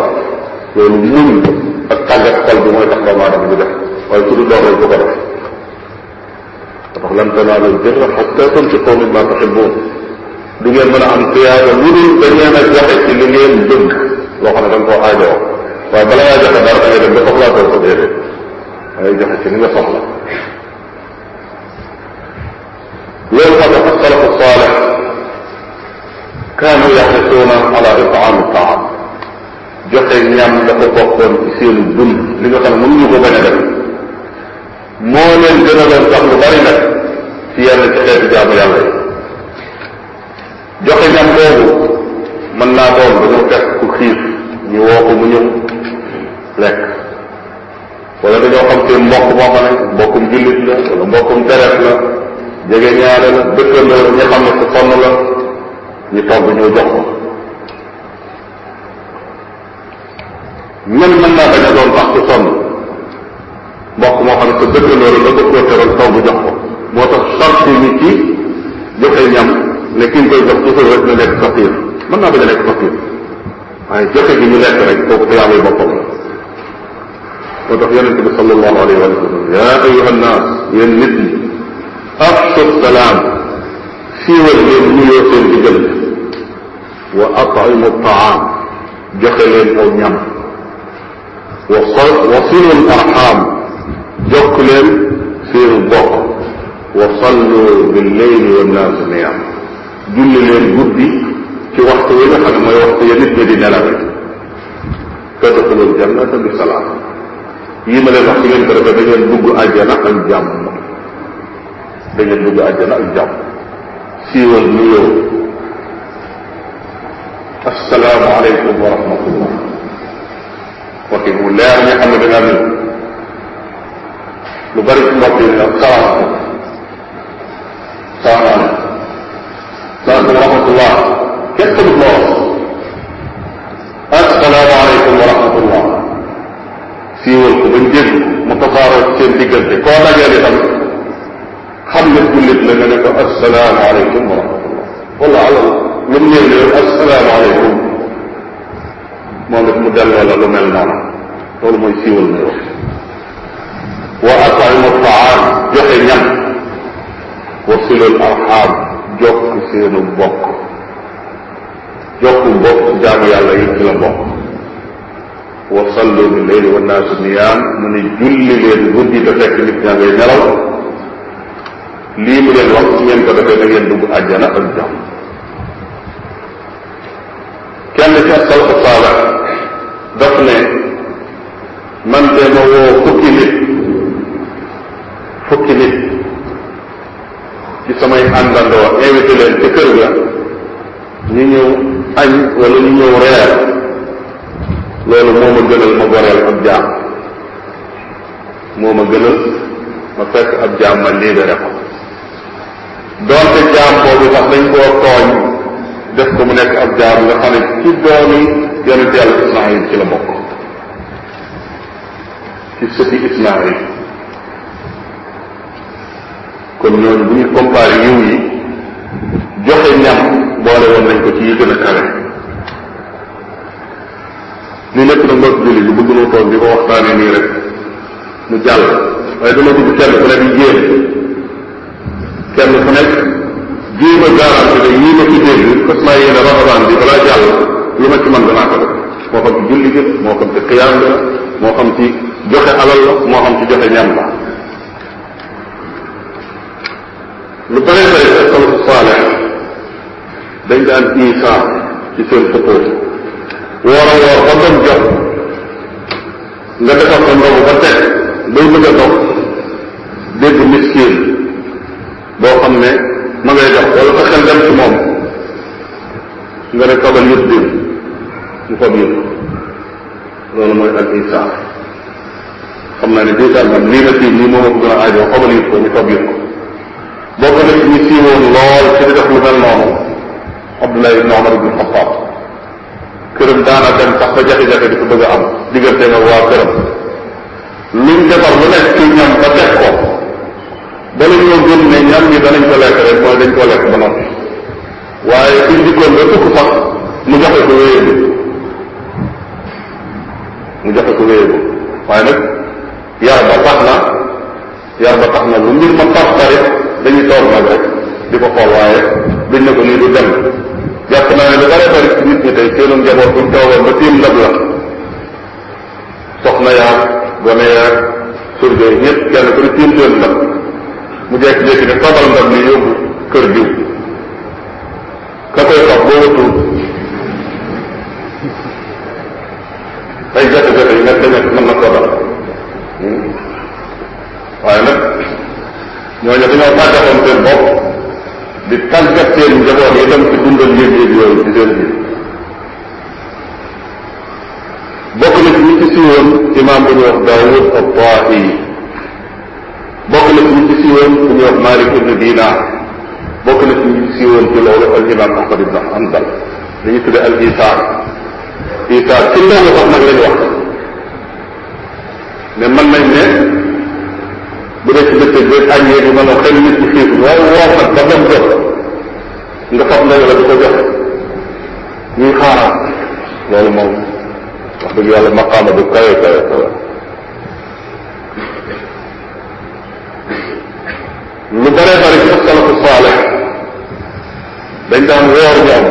Speaker 1: ak tàggat xol bi mooy tax doomu aadama bi def waaye ci du doom rek bu ko def tax lan tanaalul birra xatta tunfiqu mimma tuhibbun du ngeen mën a am tiyaaba lu dul da ngeen a joxe ci li ngeen bëgg loo xam ne da nga koo aajoo waaye bala ngaa joxe dara da ngay dem ba soxlaatoo ko déedéet da ngay joxe ci li nga soxla loolu moo tax salafu saalix kaanu yaxrisuuna ala itaami taam joxe ñam dafa bokkoon ci seenu dund li nga xam ne mënuñu ko bañ a def moo leen gën a doon sax lu bari nag ci yenn ci xeetu joxe ñam boobu mën naa doon dañoo fekk ku xiif ñu woo mu ñëw lekk wala dañoo xam te mbokk moo xam ne mbokkum jullit la wala mbokkum deret la jege ñaare la dëkkandoo ñi xam ne ku sonn la ñu togg ñoo jox mën mën naa bañ a doon baax te sonn mbokk moo xam ne sa dëkk loolu la ko protéral togg jox ko moo tax charte ni ci joxe ñam ne ki ñu koy jox toujours rek na nekk faqiir mën naa bañ a nekk faqiir waaye joxe gi ñu lekk rek kooku te yàlla boppam la moo tax yonente bi sallallahu alayhi wa sallam ya ayuha nnaas yéen nit ñi afsu salaam siiwal ngeen nuyoo seen diggante wa at'imu taam joxe leen aw ñam wa silul arxaam jokk leen seenu bokk wa sallu bil leyli wa naasu niyaam julli leen guddi ci waxtu wi nga xam ne mooy waxtu ya nit ñi di nelawe tadxulul jannata bi salaam yi ma leen wax ci ngeen ko defee da ngeen dugg àjjana ak jàmm da ngeen dugg àjjana ak jàmm siiwal nuyoo assalaamu aleykum wa rahmatullah waxin wu leer nga xam ne da ngaa nëb lu bari ci mbokk yi nag salaam ko salaamaaleykum salaam wa rahmatullah képp lu ko wax asalaamaaleykum wa rahmatullah siiwal ko bañ dégg mu tasaaroo seen diggante koo dajeel itam xam ne jullit la nga ne ko asalaamaaleykum wa rahmatullah wala alal lu mu néew ne asalaamaaleykum moom it mu delloo la lu mel noonu loolu mooy siiwal na yow wa at'imu taam joxe ñam wa silul arxaam jokk seenu bokk jokku bokk jaamu yàlla yi ci la bokk wa sallu bi leyli wa naasu niyaam mu ne julli leen guddi te fekk nit ñaa ngay nelaw lii mu leen wax su ngeen ko defee da ngeen dugg àjjana ak jàmm kenn ci asal xasaaba daf ne man de ma woo fukki nit fukki nit ci samay àndandoo invité ca kër ga ñu ñëw añ wala ñu ñëw reer loolu moo ma gënal ma goreel ab jaam moo ma gënal ma fekk ab jaam ma libéré ko doonte jaam boobu sax dañ koo tooñ def ko mu nekk ab jaar nga xam ne ci doomi yonent yàlla ci la bokk ci sëti Ismaayil kon ñooñu bu ñu comparé yiw yi joxe ñam boole woon nañ ko ci yi gën a kawe li nekk na mbokk julli bi bëgg noo toog di ko waxtaane nii mu jàll waaye dama bëgg kenn ku nekk yéen kenn ku nekk jéem a garanti ne ñii ma ci dégg fas naa yéene ramadan bi balaa jàll li ma ci mën danaa ko def moo xam ci julli moo xam ci xiyaam la moo xam ci joxe alal la moo xam ci joxe ñam la lu bëree bëri ak salafu saalex dañ daan isa ci seen fëppoo a woor ba doon jot nga defar ko ndogu miskin boo xam ne ma ngay dox wala sa xel dem ci moom nga ne toogal yëpp diw mu foog yëpp loolu mooy ak isaar xam naa ne diisaar man nii la sii nii moom ko gën a aajoo xobal yëpp ko ñu foog yëpp ko bokk na ci ñu siiwoon lool ci di def lu mel noonu Abdullah ibn Omar ibn Xattaab këram daana dem sax ba jafe-jafe di ko bëgg a am diggante nga waa këram luñ defar lu nekk ci ñoom ba teg ko bala ñoo gën ne ñam ñi danañ ko lekk mooy dañ koo lekk ba noppi waaye suñ dikkoon ba fukk fas mu joxe ko wéyee ko wéyee bi waaye nag yar ba tax na yar ba tax na lu mbir ma tar tarit dañuy toog nag rek di ko xool waaye ne ko nii du dem jàpp naa ne lu bare bari ci nit ñi tey seenu njaboot buñ toogoon ba tiim ndab la soxna yaag gone yaag surga yi ñëpp kenn ku ne tiim mu jékki-jékki ne tobal ndab li yóbbu kër diw ka koy toog boo wëttu ay jafe yi nekk nekk mën na ko dal hmm? waaye nag ñooñu dañoo tàggatoon seen bopp di tàggat seen njaboot yi dem ci dundal yëg-yëg yooyu ci seen biir bokk na ci ñi ci siiwoon imaam bu ñu wax Daawud at-Taahi bokk na ci ñu ci siiwoon ku ñuy wax Malik bokk na ci ñu ci siiwoon ci imam Ahmad ibn Hanbal dañuy tudde al isaar isaar ci ndaw sax nag lañu wax ne mën ne bu dee ci bëccëg bi aññee bi mën a xel nit ku xiif waaw waaw nag ba dem jot nga fab ndaw la di ko joxe dëgg yàlla maqaama bu kawe kawe lu bëree bëri ci salafu saalex dañ daan woor ñoom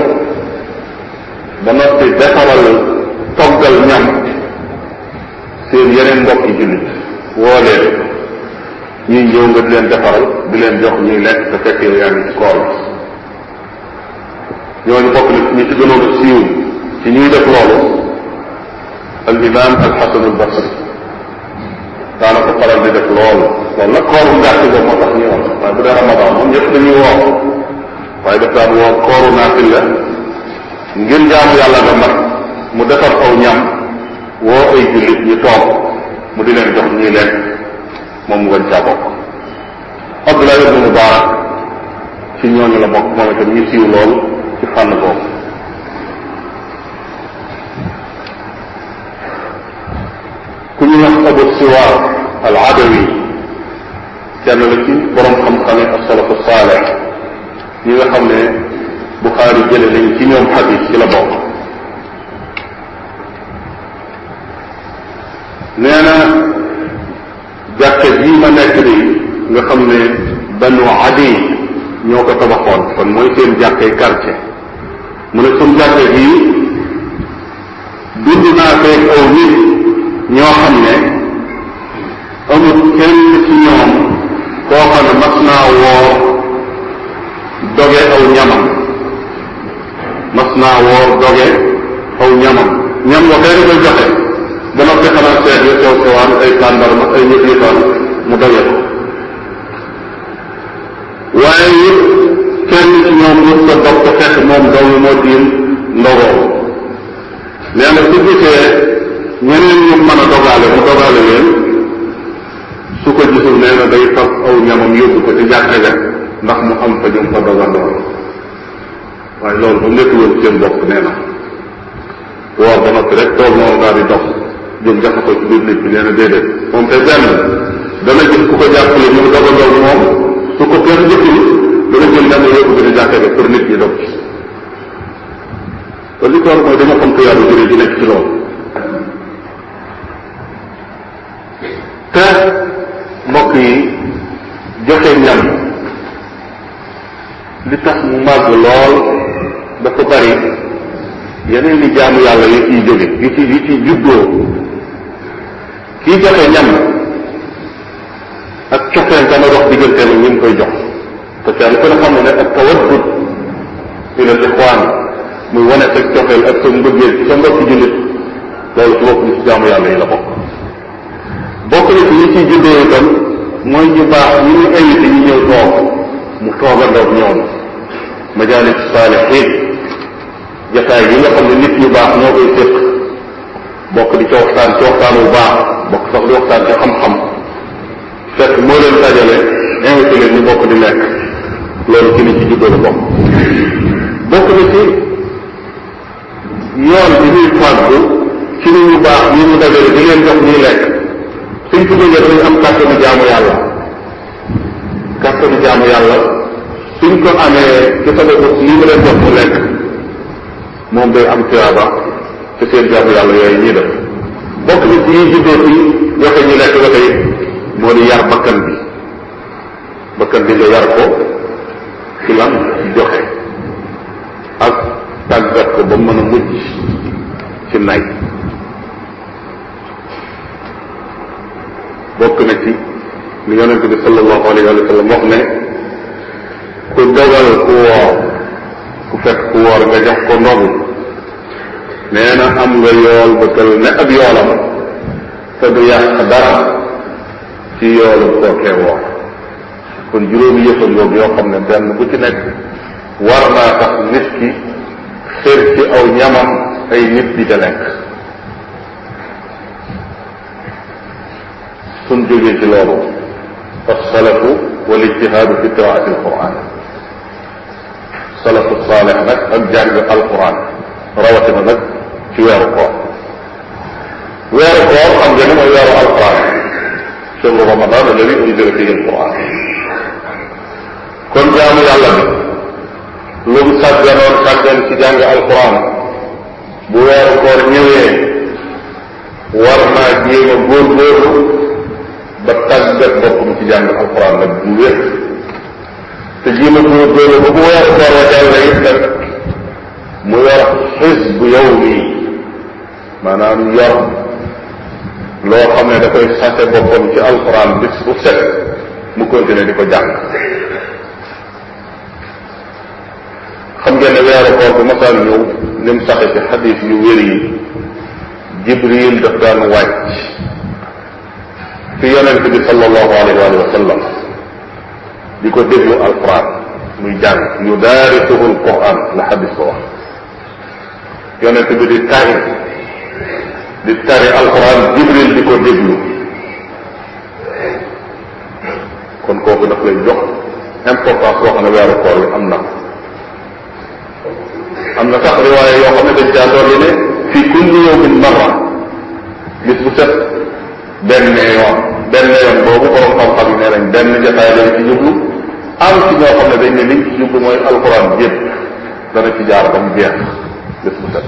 Speaker 1: ba noppi defaral toggal ñam seen yeneen mbokki jullit woo leen ñuy ñëw nga di leen defaral di leen jox ñuy lekk te fekk yow yaa ngi ci kool ñooñu bokk na ñi ci gënoon a siiw ci ñuy def loolu al imam al xasan al basri daanaka faral di def loolu loolu nag kooru ngàtt ba moo tax ñu waaye bu dee ramadan moom ñëpp dañuy woor waaye daf daan woor kooru naafil la ngir jaamu yàlla nga mat mu defar aw ñam woo ay jullit ñu toog mu di leen jox ñuy lekk moom mu gën caa bokk Abdullah ibnu Mubarak ci ñooñu la bokk moom itam ñu siiw lool ci fànn boobu ku ñu wax Abu Siwaar al Adawi kenn la ci borom xam-xam yi ak salafu saalih ñi nga xam ne Buxaari jële nañ ci ñoom xadis ci la bokk nee na jàkka jii ma nekk di nga ne banu adi ñoo ko tabaxoon kon mooy seen jàkkay quartier mu ne suñ jàkka jii dund naa feeg aw ñoo xam ne amul kenn ci ñoom koo xam ne mas naa woor doge aw ñamam mas naa woor doge aw ñamam na koy joxe ba noppi xanaa seet yu sew ay tàndarma ay ñëpp mu doge ko waaye kenn ci ñoom mës ko dog ko fekk moom dong moo diin ndogoo nee na su gisee ñeneen ñu mën a dogaale mu dogaale leen su ko gisul nee na day fab aw ñamam yóbbu ko ci jàkka ja ndax mu am fa ñu fa dogandool waaye loolu ba nekk woon seen bopp nee na woor ba noppi rek tool moom daal di dox moom su ko kenn jëkkul dana jël ñamam yóbbu ko ci jàkka ja pour nit ñi dog ko war mooy dama xam tuyaaba jëre nekk ci loolu te mbokk yi joxe ñam li tax mu màgg lool dafa bari yeneen ni jaamu yàlla yu ciy jóge yu ci yu ci juddoo kii joxe ñam ak cofeen dana dox diggante ni ñu ngi koy jox te kenn ku ne xam ne ak tawaddud ila ixwaan muy wane sa cofeel ak sa mbëggeel ci sa mbokki jullit loolu ci bopp ci jaamu yàlla yi la bokk bokk na ci li ciy mooy ñu baax ñu ñu invité ñu ñëw toog mu toog a ndoog ñoom majalis saalihin jataay yi nga xam ne nit ñu baax ñoo koy séq bokk di ci waxtaan ci waxtaan bu baax bokk sax di waxtaan ci xam-xam fekk moo leen dajale invité leen bokk di lekk loolu ci li ci juddoo la bokk bokk na ci yoon bi ñuy fàggu ci li ñu baax ñi ñu dajale di leen jox ñuy lekk suñ ko jógee danañ am kàttanu jaamu yàlla kàttanu ko amee ci sababu lii mu leen jox lekk moom day am tuyaaba ci seen jaamu yàlla yooyu ñuy def bokk na ci ñuy juddoo ci joxe ñu lekk ba tey moo di yar bakkan bi bakkan bi nga yar ko ci joxe ak tàggat ko ba mën a mujj ci nay bokk na ci li yonente bi sallallahu alayhi wa sallam ne ku dogal ku ku fekk ku woor nga jox ko ndogu nee na am nga yool ba tël ne ab yoolam te du yàq dara ci yoolu kookee woor kon juróomi yëfangoog yoo xam ne benn bu ci nekk war naa tax nit ki xër aw ñamam ay nit di suñ jógee ci loolu alsalafu wal ijtihaadu fi qiraati alquran salafu saalex nag ak jàng alquran rawatina nag ci weeru koor weeru koor xam nga ni mooy weeru alquran shahru ramadan alladi unzila fihi alquran kon jaamu yàlla bi lu mu sàgganoon sàggan ci jàng alquran bu weeru koor ñëwee war naa jéem a góorgóorlu ba tàggat boppam ci jàng alxuraan nag bu wér te jéem a góorgóorlu ba bu weer koor wa jàll it nag mu yor xisbu yow mii maanaam yor loo xam ne da koy sase boppam ci alxuraan bis bu set mu continué di ko jàng xam ngeen ne weeru koor bu masaan ñëw ni mu saxe ci yu wér jibril daf daan wàcc ci yonent bi sallallahu alayhi wa sallam di ko déglu alquran muy jàng yudaarisuhu alquran la xadis di tari di tari jibril di ko déglu kon kooku daf lay jox importance boo xam ne weeru koor bi na am fi kulli yawmin marra bis bu set benn yoon benn yoon boobu borom xam-xam yi nee nañ benn jotaay lañ ci jublu am ci ñoo xam ne dañ ne mooy alxuraan yëpp dana ci jaar ba mu jeex bés bu set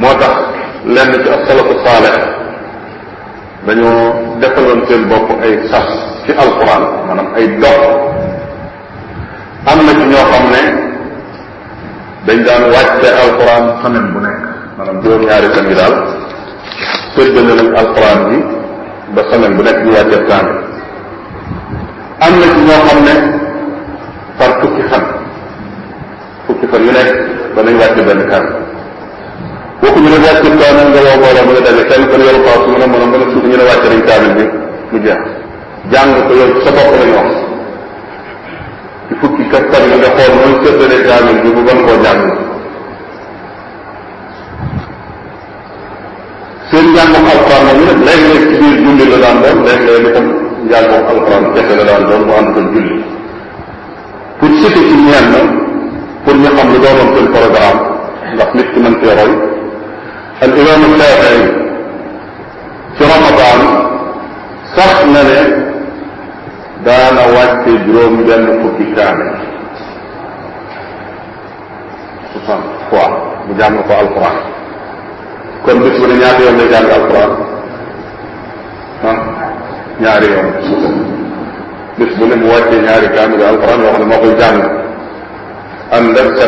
Speaker 1: moo tax lenn ci ak salafu saalex dañoo defaloon seen bopp ay sas ci alxuraan maanaam ay dox am na ci ñoo xam ne daan wàcce alxuraan semaine bu nekk maanaam juróom-ñaari fan séddale nag alxuraan bi ba semaine bu nekk ñu wàccee kaamil am na ci ñoo xam ne par fukki fan fukki fan yu nekk danañ wàcce benn kaamil kooku ñu ne wàcce kaamil nga woo booloo mën a daje kenn kon yoru paas mën a mën a mën a suuf ñu ne wàcce nañ kaamil bi mu jeex jàng ko yow sa bopp lañu wax ci fukki kat yi nga xool mooy séddale kaamil bi bu ban koo jàng seen njàngum alxuraan moom nag léeg-léeg ci biir la daan doon léeg-léeg itam njàngum alxuraan jafe la daan mu ànd ak julli pour cité ci ñenn pour ñu xam lu doonoon seen programme ndax nit al imam Shaafi'i Ramadan sax na ne daana wàcce juróom benn fukki kaamil soixante fois mu jàng ko
Speaker 2: kon bis bu ne ah, ñaari yoon lay jàng alquran
Speaker 1: ah ñaari mu wàccee ñaari kaamil alquran yoo xam ne moo koy jàng ànd ak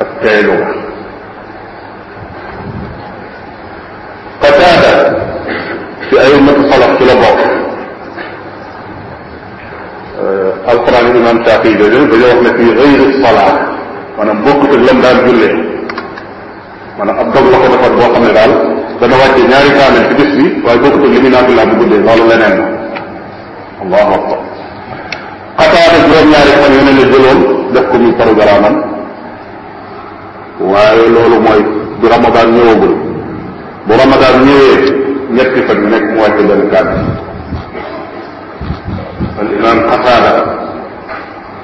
Speaker 1: ak teelu qataada ci ay matu salax ci la bokk imam Shaafi yi dañu wax ne fii xëyri salaat maanaam bokkut ak lam maanaam ab dog la ko defar boo xam ne daal dana wàcce ñaari kaamel ci bis bi waaye bokkut ak li muy naafila bu guddee loolu leneen la allahu a xataata juróom-ñaari fan yu ne la jëloon def ko muy programme am waaye loolu mooy bu ramadan ñëwagul bu ramadan ñëwee ñetti fan yu nekk mu wàcce benn kaamel al imam xataada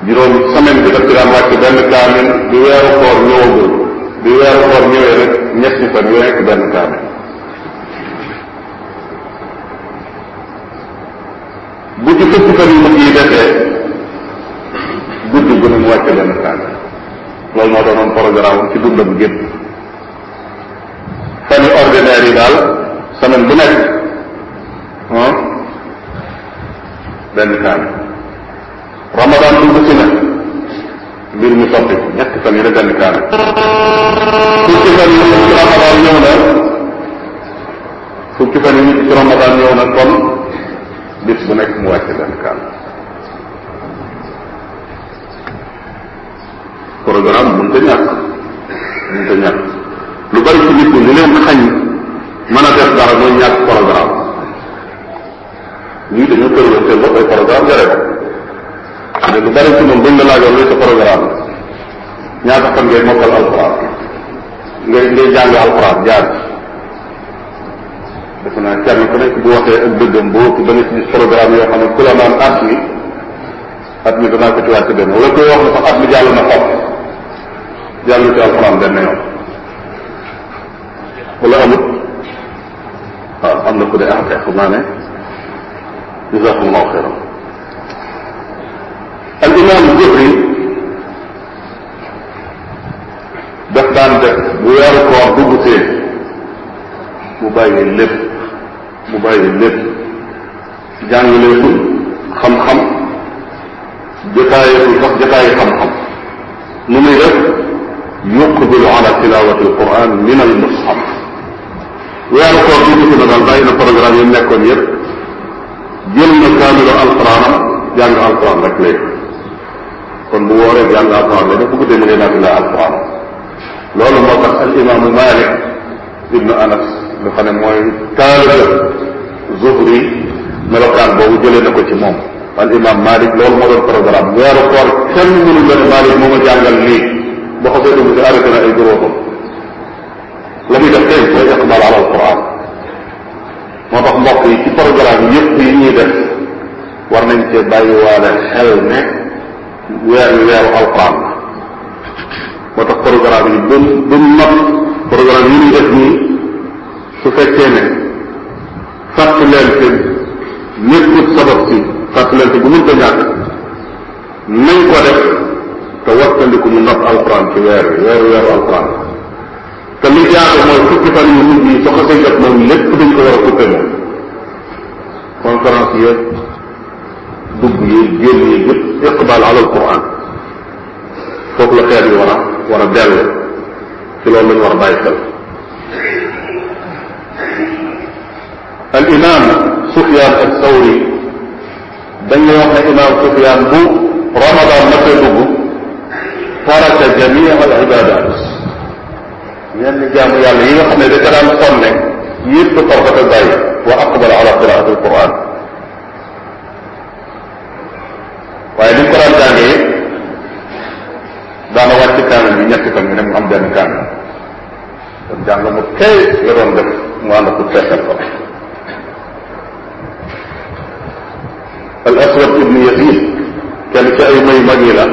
Speaker 1: juróom semaine bi daf ci daan wàcce benn kaamel bi weeru koor ñëwagul bi weeru koor ñëwee rek ñetti fan yu nekk benn kaamil bu ci fukki fan yu mujj yi defee guddi gu ne mu wàcce benn kaamil loolu moo doonoon programme ci dundam gépp yu ordinaire yi daal semaine bu nekk ah, benn kaamil ramadan dugg si mbir mi soppi ñetti fan yi rek benn kaamil fukki fan yi ci ramadan ñëw na fukki fan yi ci ramadan ñëw na kon bu nekk mu wàcce benn kaamil programme mënta ñàkk mënta lu bari ci nit ñi li leen xañ mën dara mooy ñàkk programme ñii dañu tërlante bopp ay programme yore lu bari ci moom buñ la laajoon luy sa programme ñaata fan ngay mokkal alxuraan ngay ngay jàng alxuraan jaar defe naa kenn ku nekk bu waxee ak dëggam boo da nga ci gis programme yoo xam ne ku la naan at mi at mi danaa ko ci wàcc benn wala koy wax ne sax at mi jàll na xob jàll ci alxuraan benn yoon wala amut am na ku ne ah xam naa ne jazakumullahu xayran al imam Jibril daf daan def bu weeru koor duggutee mu bàyyi lépp mu bàyyi lépp jàngaleetul xam-xam jotaayeetul sax jotaayi xam-xam nu muy def yuqbilu ala tilawati alquran min al mushaf weeru koor duggute na daal bàyyi na programme yi nekkoon yëpp jël na kaamilu alquran jàng alquran rek léegi kon bu wooree jàng alquran la def bu guddee mi ne naa billa alquran loolu moo tax al imaamu Malik ibnu Anas nga xam ne mooy taaliba Zuhri melokaan boobu jëlee na ko ci mom al imaam Malik loolu moo doon programme weeru koor kenn mënu la ne Malik moo ma jàngal lii boo xasee dugg si arrêté na ay juróomam la muy def tey mooy iqbal ala alquran moo tax mbokk yi ci programme yëpp yi ñuy def war nañ cee bàyyiwaale xel ne weer wi weeru alquran la moo tax programme yi ba mu ba mu not yi ñuy def nii fekkee ne fàttalante nekkut sabab si fàttalante bu mënta ñàkk nañ ko def te wattandiku mu not alquran ci weer wi weer wi weeru alquran la te li jaadu mooy fukki fan yu mujj yi soo xasee jot moom lépp dañ ko war a coupé moom conférence yëpp dugg yi génn yi yëpp iqbal ala alquran foofu la xeet yi war a war a dellu ci loolu lañu war a bàyyi xel al imam sufyaan ak sawri dañuy wax ne imam sufyaan bu ramadan na fee dugg taraka jamia al ibadat ñenn jaamu yàlla yi nga xam ne da ka daan sonne yëpp torkate bàyyi wa aqbal ala qiraat alquran waaye ni mu ko daan jàngee daana wàcc kaamil bi ñetti fan ñu ne mu am benn kaamil kon jàng mu kay la doon def mu ànd ko seetal ko al aswad ibn yazid kenn ci ay may mag yi la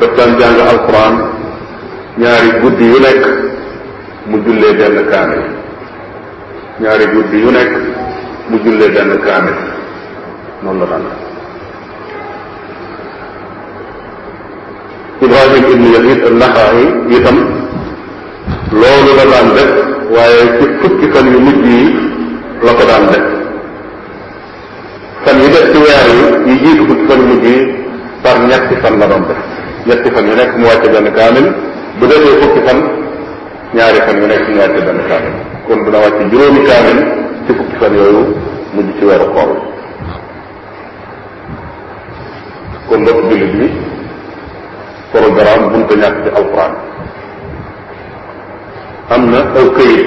Speaker 1: daf daan jàng alquran ñaari guddi yu nekk mu jullee benn kaamil ñaari guddi yu nekk mu jullee benn kaamil noonu la daan Ibrahim ibn Yazid an-Naxa'i loolu la daan waaye ci fukki fan yu mujj yi la ko daan def fan yu def ci weer yi yi fan yu mujj yi par fan la doon def fan yu nekk mu wàcce benn kaamil bu defee fukki yu kon dina wàcce juróomi kaamil ci fukki fan yooyu mujj ci weeru koor kon mbokk jullit bi programme buñ ko ñàkk ci alquran am na aw këyit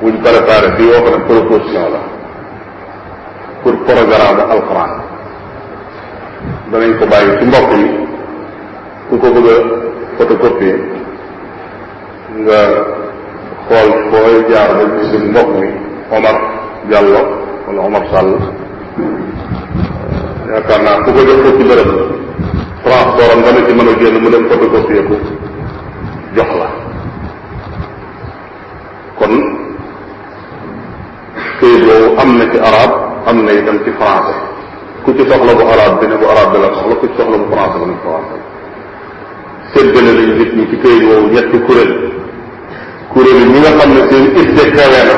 Speaker 1: buñ préparé bi yoo xam ne proposition la pour programme alquran danañ ko bàyyi ci mbokk yi ku ko bëgg a photocopier nga xool fooy jaar ba gis mbokk mi Omar Diallo wala Omar Sall yaakaar naa ku ko jox ko ci bërëb waaw borom dana ci mën a génn mu dem ko négocier ko jox la kon këyit boobu am na ci arab am na itam ci français ku ci soxla bu arab bi ne bu arab bi la soxla ku ci soxla bu français bi ne bu français séddale nañu nit ñi ci këyit boobu ñetti kuréel kuréel yi ñi nga xam ne seen idde kawe na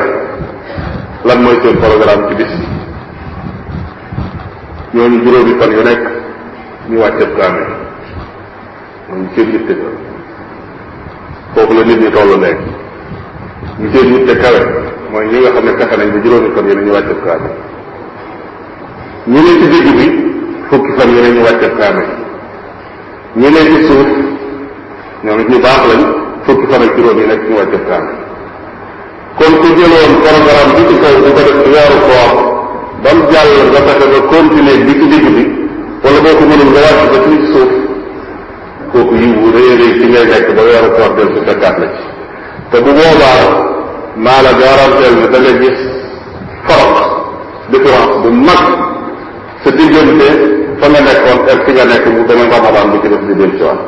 Speaker 1: lan mooy seen programme ci bis ñooñu juróomi fan yu nekk ñu wàcceb kaamil ñu la nit ñi toll léegi ñu seen yitte kawe mooy ñi nga xam ne fexe nañ ba juróomi fan yi ñu wàcceb kaamil ñi ne ci digg bi fukki fan yi ñu wàcceb kaamil ñi ne ci suuf ñoom it ñu baax lañ fukki fan ak juróom yi nekk ñu wàcceb kaamil kon ku jëloon programme bi ci kaw bu ko def ci weeru koor jàll nga fexe nga continuer bi ci digg bi wala boo ko mënul nga wàcc ba ci suuf kooku yiw bu rëy rëy ci ngay nekk ba weeru koor del si fekkaat la ci te bu boobaa maa la garanteel ne da nga gis farq différence bu mag sa diggante fa nga nekkoon ak fi nga nekk mu beneen ramadan bi ci def di del ci waat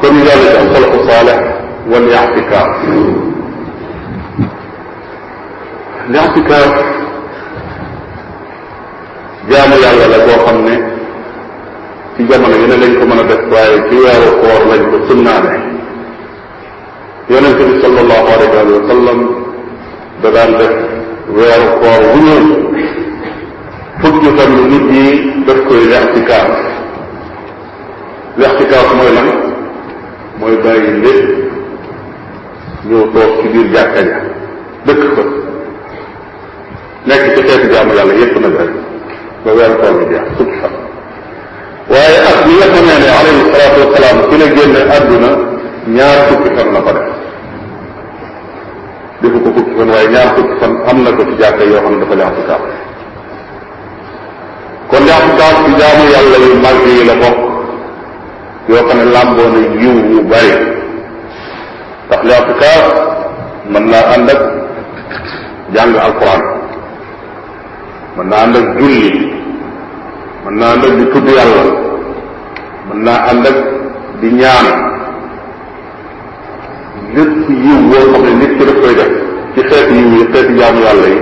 Speaker 1: kon ñu daal ci am salafu saaleh wal i'tikaaf l'i'tikaaf jaamu yàlla la boo xam ne ci jamono yu ne lañ ko mën a def waaye ci weeru koor lañ ko sunnaane yonente bi sallallahu alayhi wa sallam da daan def weeru koor wu ñëw fukki fan yu nit ñi daf koy lextikaaf lextikaaf mooy lan mooy bàyyi lépp ñëw toog ci biir jàkka ja dëkk fa nekk ci xeetu jaamu yàlla yépp nag rek ba weer koor bi jeex fukki fan waaye at mi nga xamee ne alayhi salaatu wasalaam ci la génne àdduna ñaar fukki fan la ko def defu ko fukki fan waaye ñaar fukki fan am na ko ci jàkka yoo xam ne dafa leexu kaaf kon leexu kaaf ci jaamu yàlla yu màgg yi la bokk yoo xam ne làmboo na yiw yu bari ndax leexu kaaf mën naa ànd ak jàng alquran mën naa ànd ak julli mën naa ànd ak di tudd yàlla mën naa ànd ak di ñaan lépp yiw boo xam ne nit ki daf koy def ci xeeti yiw yi xeeti jaamu yàlla yi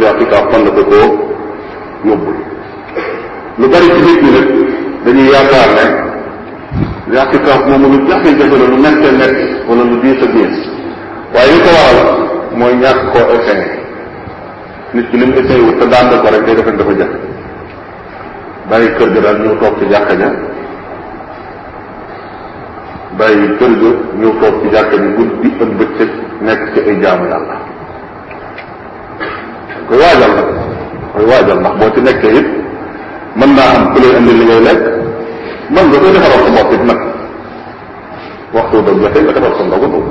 Speaker 1: l'Afrique fond ko koo yóbbul lu bari ci nit ñi nag dañuy yaakaar ne l'Afrique moom lu jafe-jafe la lu mettee mett wala lu diis a diis waaye li ko waral mooy ñàkk koo essayé nit ki li mu essayé wut te daan na ko rek day defal dafa jax bàyyi kër ga daal ñëw toog ci jàkka ja bàyyi kër ga ñëw toog ci jàkka ji guddi ak bëccëg nekk ci ay jaamu yàlla koy waajal nag koy waajal ndax boo ci nekkee it mën naa am ku lay indi li ngay lekk mën nga koy defaral sa bopp it nag waxtu dog jotee nga defar sa ndogu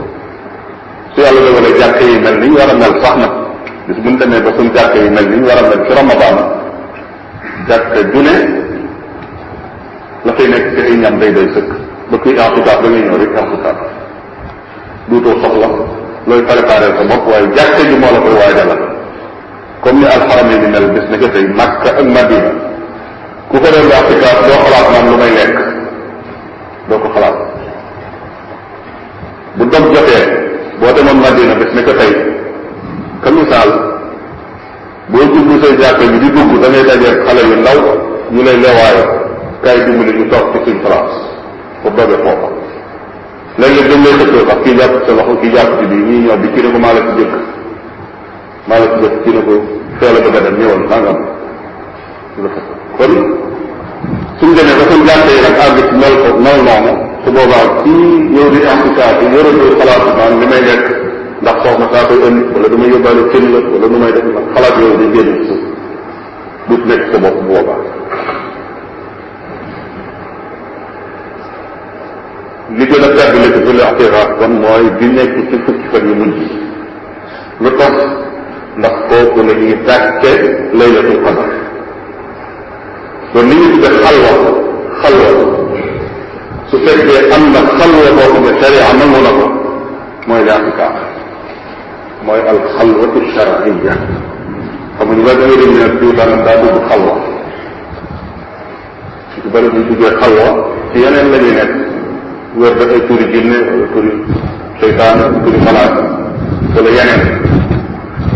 Speaker 1: su yàlla dogalee jàkka yi mel ni war a mel sax nag bis bu ñu demee ba suñ jàkk yu mel ni ñu war a mel ci ramadan jàkk la fay nekk ci ay ñam day doy sëkk ba kuy entutaat da ngay ñëw rek entutaat duutoo soxla looy préparé sa bopp waaye jàkk ji moo la koy waajalal comme ni alxaram yi di mel bis na ko Makka ak Madina ku ko doon entutaat doo xalaat man lu may lekk doo ko xalaat bu dog jotee boo demoon Madina bis na ko ka misaal boo dugg say jàkka ji di dugg da ngay xale yu ndaw ñu lay lewaayo kaay dimbali ñu toog ci suñ place pour doge foofa léeg-léeg dañ lay xëccoo sax kii jàpp sa loxo kii jàpp ci bii bi kii ne ko maa la ci jëkk maa la ko fee la bëgg a dem ñëwal nangam kon suñ demee ba suñ jàkka yi nag ko mel noonu kii yow di am ci saa yi yoroo xalaatu naan li ndax soxna saa koy indi wala du may yóbbaale kenn la wala du may def ndax xalaat yooyu day génn ci suuf du nekk sa bopp bu boobaa li gën a tàgg li ko ci lixtiraat kon mooy bi nekk ci fukki fan yu mujj lu tax ndax kooku la ñuy tàkke laylatul qadar kon li ñu tudde xalwa xalwa su fekkee am na xalwa boo xam ne sharia nangu na ko mooy li am kaaf mooy alxalwatu shar'iyya xamuñu ba dangay dem ne diw daanam daa dugg xalwa ci bëri bu duggee xalwa ci yeneen la ñuy nekk wér da ay turi jinne wala turi seytaane turi malaat wala yeneen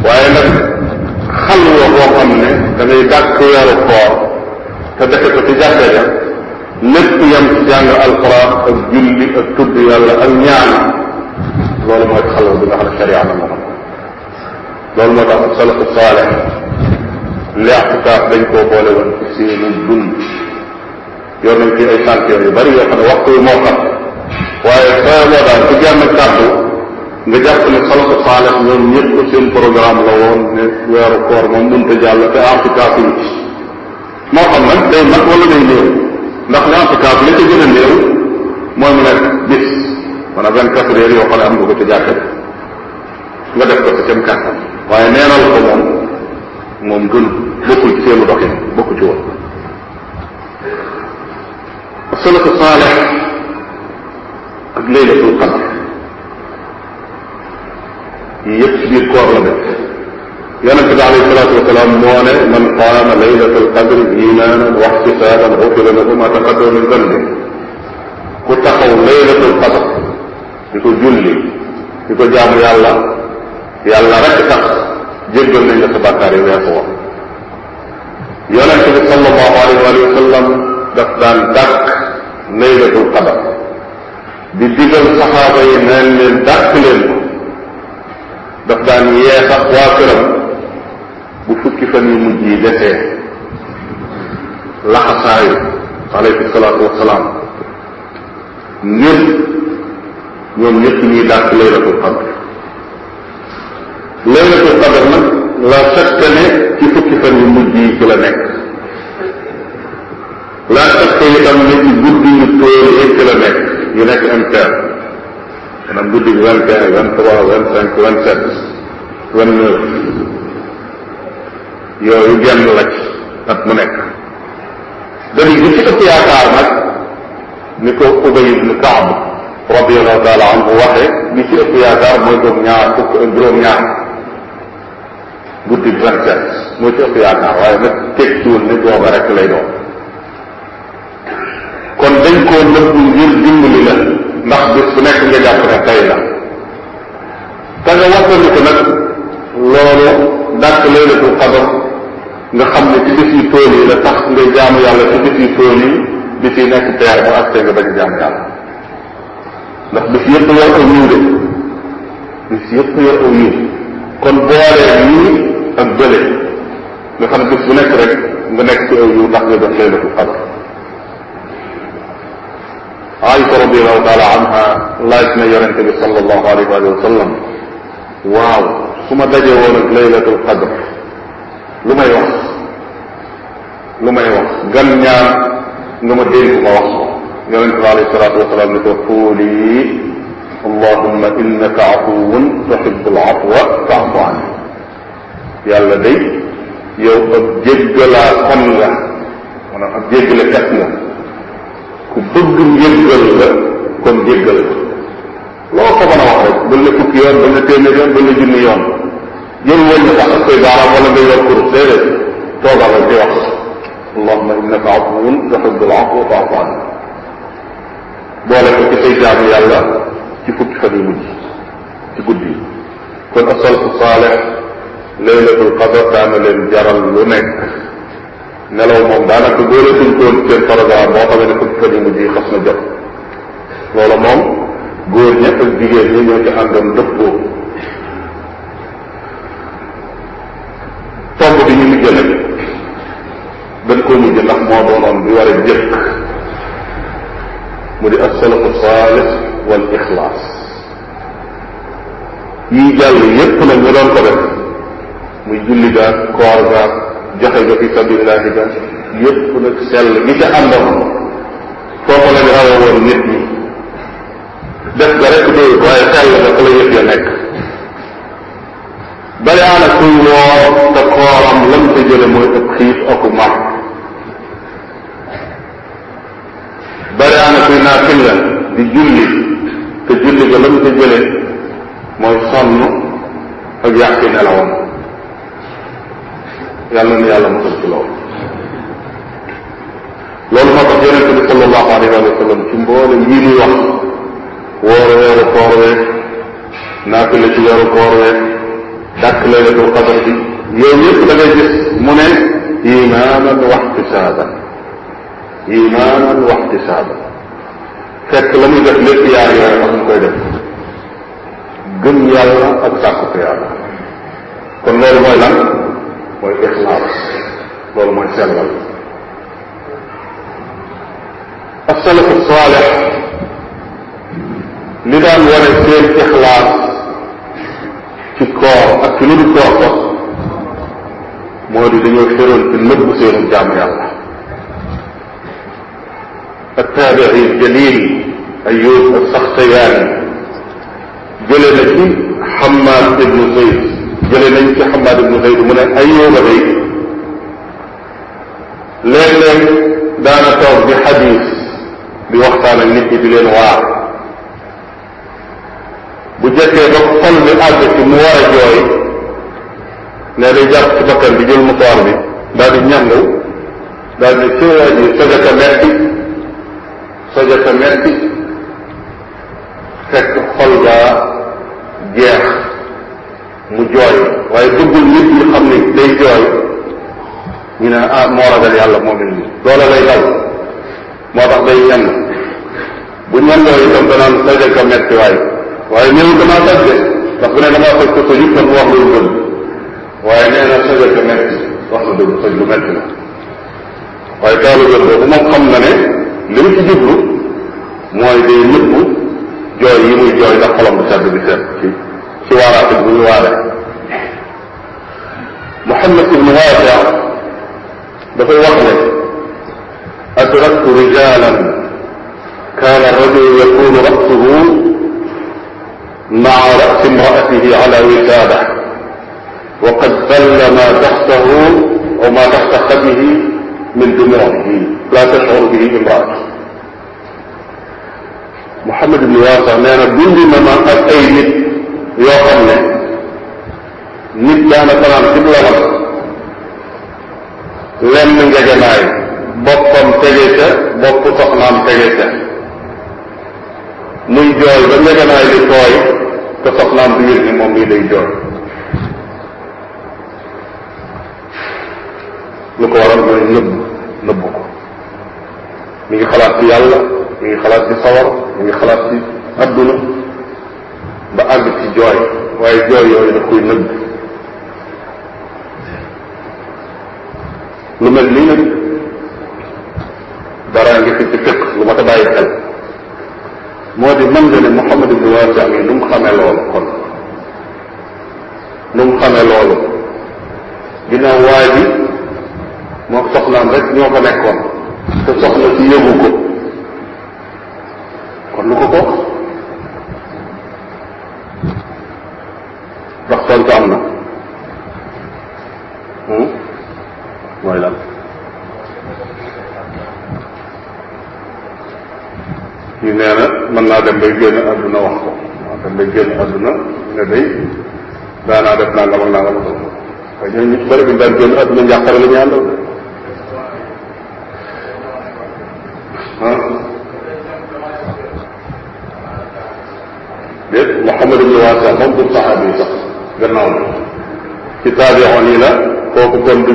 Speaker 1: waaye nag xalwa boo xam ne da ngay dàkk weeru koor te defe ko ci jàkka ja lépp yam ci jàng alxuraan ak julli ak tudd yàlla ak ñaan loolu mooy xalwa bi nga xam ne sharia la moom loolu moo tax salafu saalex li'tikaaf dañ koo boole woon ci seenu dund yor nañ ci ay chantier yu bari yoo xam ne waxtu wi moo xam waaye soo daal ku jàmm kàddu nga jàpp ne salafu saalex ñoom ñëpp seen programme la woon ne weeru koor moom mënut a jàll te i'tikaaf moo xam nag day mat wala day néew ndax i'tikaaf li ci gën a yoo xam ne am nga ko ci jàkka nga def ko waaye neenal ko moom moom gën bokkul ci seenu doxin bokku ci woon asalafu saalex ak laylatul qadr yi yëpp ci biir koor la nekk yonente bi alayhi salatu wasalaam moo ne man qaama laylatul qadri imaanan wa ihtisaaban gufira lahu ma taqaddama min dambi ku taxaw laylatul qadr di ko julli di ko jaamu yàlla yàlla rek tax jéggal nañ la sa bàkkaar yi weesu woon yonent bi sallallahu alayhi wa sallam daf daan dàq laylatul qadar di digal saxaaba yi neen leen dàq leen ko daf daan yee sax waa këram bu fukki fan yu mujj yi desee laxasaayu alayhi salaatu wasalaam ngir ñoom ñëpp ñuy dàq laylatul qadar laylatul qadr nag la chaque année ci fukki yu mujj yi ci la nekk la chaque itam ne ci guddi yu tóor yi ci la nekk yu nekk impair maanaam guddi gi vingt et un vingt trois vingt cinq vingt sept vingt neuf yooyu genn la at mu nekk dañu gi ci ëpp yaakaar nag ni ko Ubay ibn Kaab radiallahu taala anhu waxee ni ci ëpp yaakaar mooy doom ñaar fukk ak guddi bi vingt sept moo ci ëpp yaakaar waaye nag tekkiwul ne booba rek lay doon kon dañ koo nëbb ngir dimbali la ndax bis bu nekk nga jàpp ne tey la te nga wattandiku nag loolu dàq laylatul qadar nga xam ne ci bis yu tool yi la tax nga jaamu yàlla ci bis yu tool yi di ci nekk teer bu ak tey nga bañ a jaamu yàlla ndax bis yëpp yor aw yiw de bis yëpp nii ak bële nga xam ne bis bu nekk rek nga nekk ci aw yu ndax nga def laylatul qadr Aïsa radiallahu taala anha laaj na yonente bi sallallahu alayhi wa sallam waaw su ma dajee woon ak laylatul qadr lu may wax lu may wax gan ñaan nga ma dénk ma wax ko yonente bi alayhi salatu wasalaam ne ko quuli allahumma innaka afuwun tuhibbul afwa fa'fu anni yàlla day yow ab jéggalaa kon nga maanaam ab jéggale kat nga ku loo ko a wax rek bañ la yoon bañ la téeméer yoon bañ la yoon jël wëñ na sax koy baaraam wala nga yor kur déedéet toogal rek di wax allahuma innaka afuwun tuhibbul boole ko ci say jaamu yàlla ci fukki fan yu mujj ci guddi kon saalih laylatul qadr daana leen jaral lu nekk nelaw moom daanaka góore suñ koon seen programme boo xamee ne fukki fan yu mujj yi xas na jot loola moom góor ñëpp ak jigéen ñi ñoo ci àndoon dëppoo tomb bi ñu mujj nag dañ koo mujj ndax moo doonoon bi war a jëkk mu di as-salafu saalix wal ixlaas yi jàll yépp nag ñu doon ko def muy julli gaag koor gaag joxe ga fi sabilillahi ga yëpp nag sell gi ca àndoon foofu la ñu rawee woon nit ñi ga rek doyu waaye sell nga fa la yëf nekk bari ana kuy woor te kooram lam ca jële mooy ak xiif aku mar bari ana kuy naafil la di julli te julli ga lam ca jële mooy sonn ak yàqi nelawam yàlla na yàlla mosal ci loolu loolu moo tax yonente bi sallallahu alayhi wa sallam ci mboolem yi muy wax woor weeru koor week naafila ci weeru koor week dàkk laylatul qadr bi yooyu yëpp da ngay gis mu ne imaanan waxtisaaban imaanan waxtisaaban fekk la muy def lépp yaar yooyu tax mu koy def gëm yàlla ak sàkku ko yàlla kon loolu mooy lan mooy ixlaas loolu mooy sellal ak salafu saalex li daan wane seen ixlaas ci koor ak ci lu dul koor sax moo di dañoo xéroon ci nëbb seenu jaamu yàlla attaabici jalil ayub assaxtiyaani jële na ci xammaad ibnu zayd jële nañ ci Hammaad ibnu mu ne Ayyuba day léeg-léeg daana toog di xadiis di waxtaan ak nit ñi leen waar bu jekkee ba xol bi àgg ci mu war jooy ne day jàpp ci bakkan bi jël musoor bi daal di ñangu daal di sewaa ji sojaka metti sojaka metti fekk xol baa jeex mu jooy waaye bëggul nit ñi xam ne day jooy ñu ne ah moo ragal yàlla moo mel nii loola lay moo tax day ñan bu ñandoo itam danaan saje ka metti waay waaye néew damaa daj de ndax bu ne damaa fekk ko wax lu gën waaye nee na saje ka metti wax na dëgg sëñ lu metti la waaye taalu gën boobu moom xam na ne li mu ci jublu mooy day nëbbu jooy yi muy jooy ndax xolam bu sedd bi seet ci waaraate bu ñu waare Muhammad ibn Waafi dafay wax ne adraktu rijalan kaana rajulu yakunu rasuhu maa rasi imraatihi ala wisaada wa qad balla maa taxtahu aw maa taxta xabihi min dumuihi laa tashcuru bihi imraatu Muhammad ibn Waafi nee na dund na ma ak ay nit yoo xam ne nit daana la ci lalam lenn ngegenaay boppam tege ca bopp soxnaam tege ca muy jooy ba ngegenaay li tooy te soxnaam bi yëg ni moom mii day jooy ko waral mooy nëbb nëbb ko mi ngi xalaat ci yàlla mi ngi xalaat sawar mi ngi xalaat ci adduna ba àgg jooy waaye jooy yooyu daf koy nëbb lu mel nii nag daraa ngi fi fiq lu ma ta bàyyi moo di mën nga ne Muhammad ibn Wasi yi lu mu xamee loolu kon lu mu xamee loolu ginnaaw waa ji moo soxnaam ko nekkoon te soxna si yëgu ko kon lu ko ko ndax tontu am na hmm? mooy lan ñu nee na mën naa dem bay génn àdduna wax ko waaw dem bay génn àdduna ne day daanaa def naa ngam ak naa ngam ak waaye ñooñu ñu bëri bu ñu daan génn àdduna njàqare la ñu àndal déet Muhammad ibn Waasa moom du saxaabi sax gannaaw la ci taabiroon yi la kooku kon du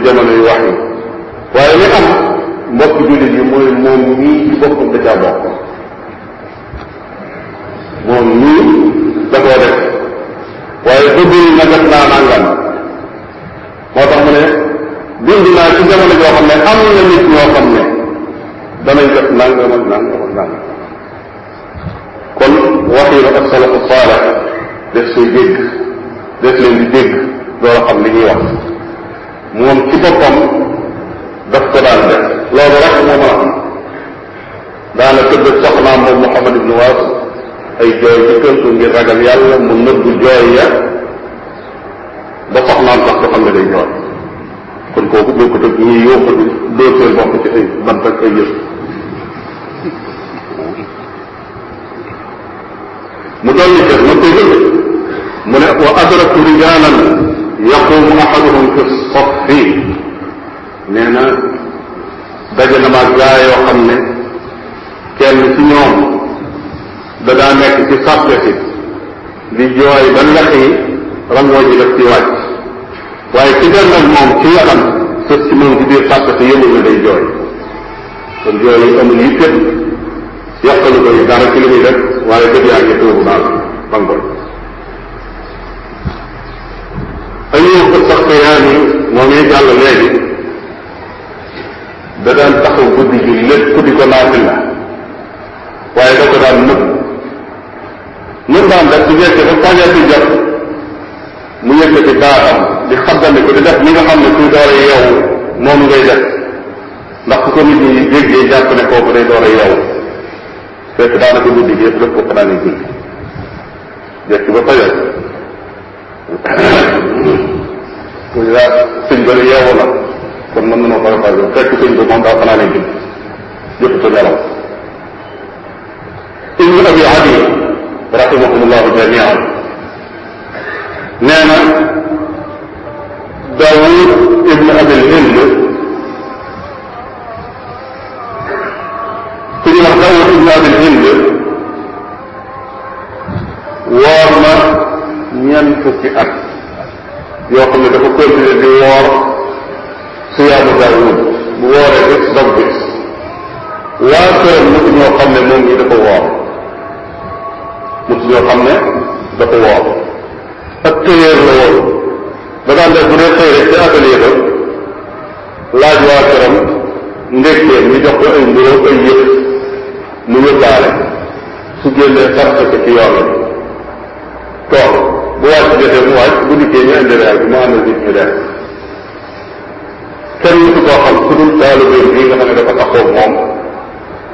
Speaker 1: waaye li am mbokk jullit yi mooy moom ñii ci boppam da caa bokk moom ñii da koo def waaye bëggul na def naa ne dund naa ci jamono joo xam ne am na nit ñoo xam ne saalih def say dégg def leen di dégg door a xam li ñuy wax moom ci boppam daf ko daan def loolu rek moo mën a am daana tëdd soxnaam moom Muhammad ibnu Waas ay jooy ci kër ko ngir ragal yàlla mu nëbbu jooy ya ba soxnaam sax ko xam ne day jooy kon kooku boo ko tëgg ñuy yóbbu dóor seen bopp ci ay bant ak ay yëf mu dolli adraku rijalan yaqumu ahaduhum fi safi nee na daje na maag gaa yoo xam ne kenn ci ñoom da daa nekk ci sàppe si di jooy ba lex yi rangoo ji daf ci wàcc waaye ci dem nag moom ci wetam sës si moom ci biir sàppe si yëngu na day jooy kon jooy yi amul yitte yàqalu ko dara ci li muy def waaye dëgg yaa ngi tuuru daal bangoon ayub saxtiyaani moom yi jàll léegi da daan taxaw guddi gi lépp di ko naafila waaye da ko daan nëbb ñun daan def bu jekkee ba fajar di jot mu yëkkati baatam di xaddane ko di def li nga xam ne kuy door a yeewu moom ngay def ndax ku ko nit ñi déggee jàpp ne kooku day door a yeewu fekk daanaka guddi gi yëpp daf ko ko daan julli jekki ba fajar mu ne daal sëñ ba yeewu na kon mën na ma koy faj fekk sëñ ba moom daa fanaa ne jëm jëfuta nelaw ibnu abi adi rahimahumullahu jamian nee na daawud ibnu abil hind ku ñu wax daawud ibnu abil hind woor na ñeent fukki at yoo xam ne dafa continuer di woor siyaamu daawud bu wooree bis dog bis waa këram mutu ñoo xam ne moom ñi dafa woor mutu ñoo xam ne ak téyeer la woon da daan def bu dee xëy rek laaj waa këram ndékkee ñu jox ko ay mburóo mu yóbbaale su génnee sarta ko ci yoon la bu wàcc jotee mu wàcc bu dikkee ñu indi reer bi mu ànd nit ñu dem kenn mësu koo xam ku dul taalibe bi nga xam ne dafa taxaw moom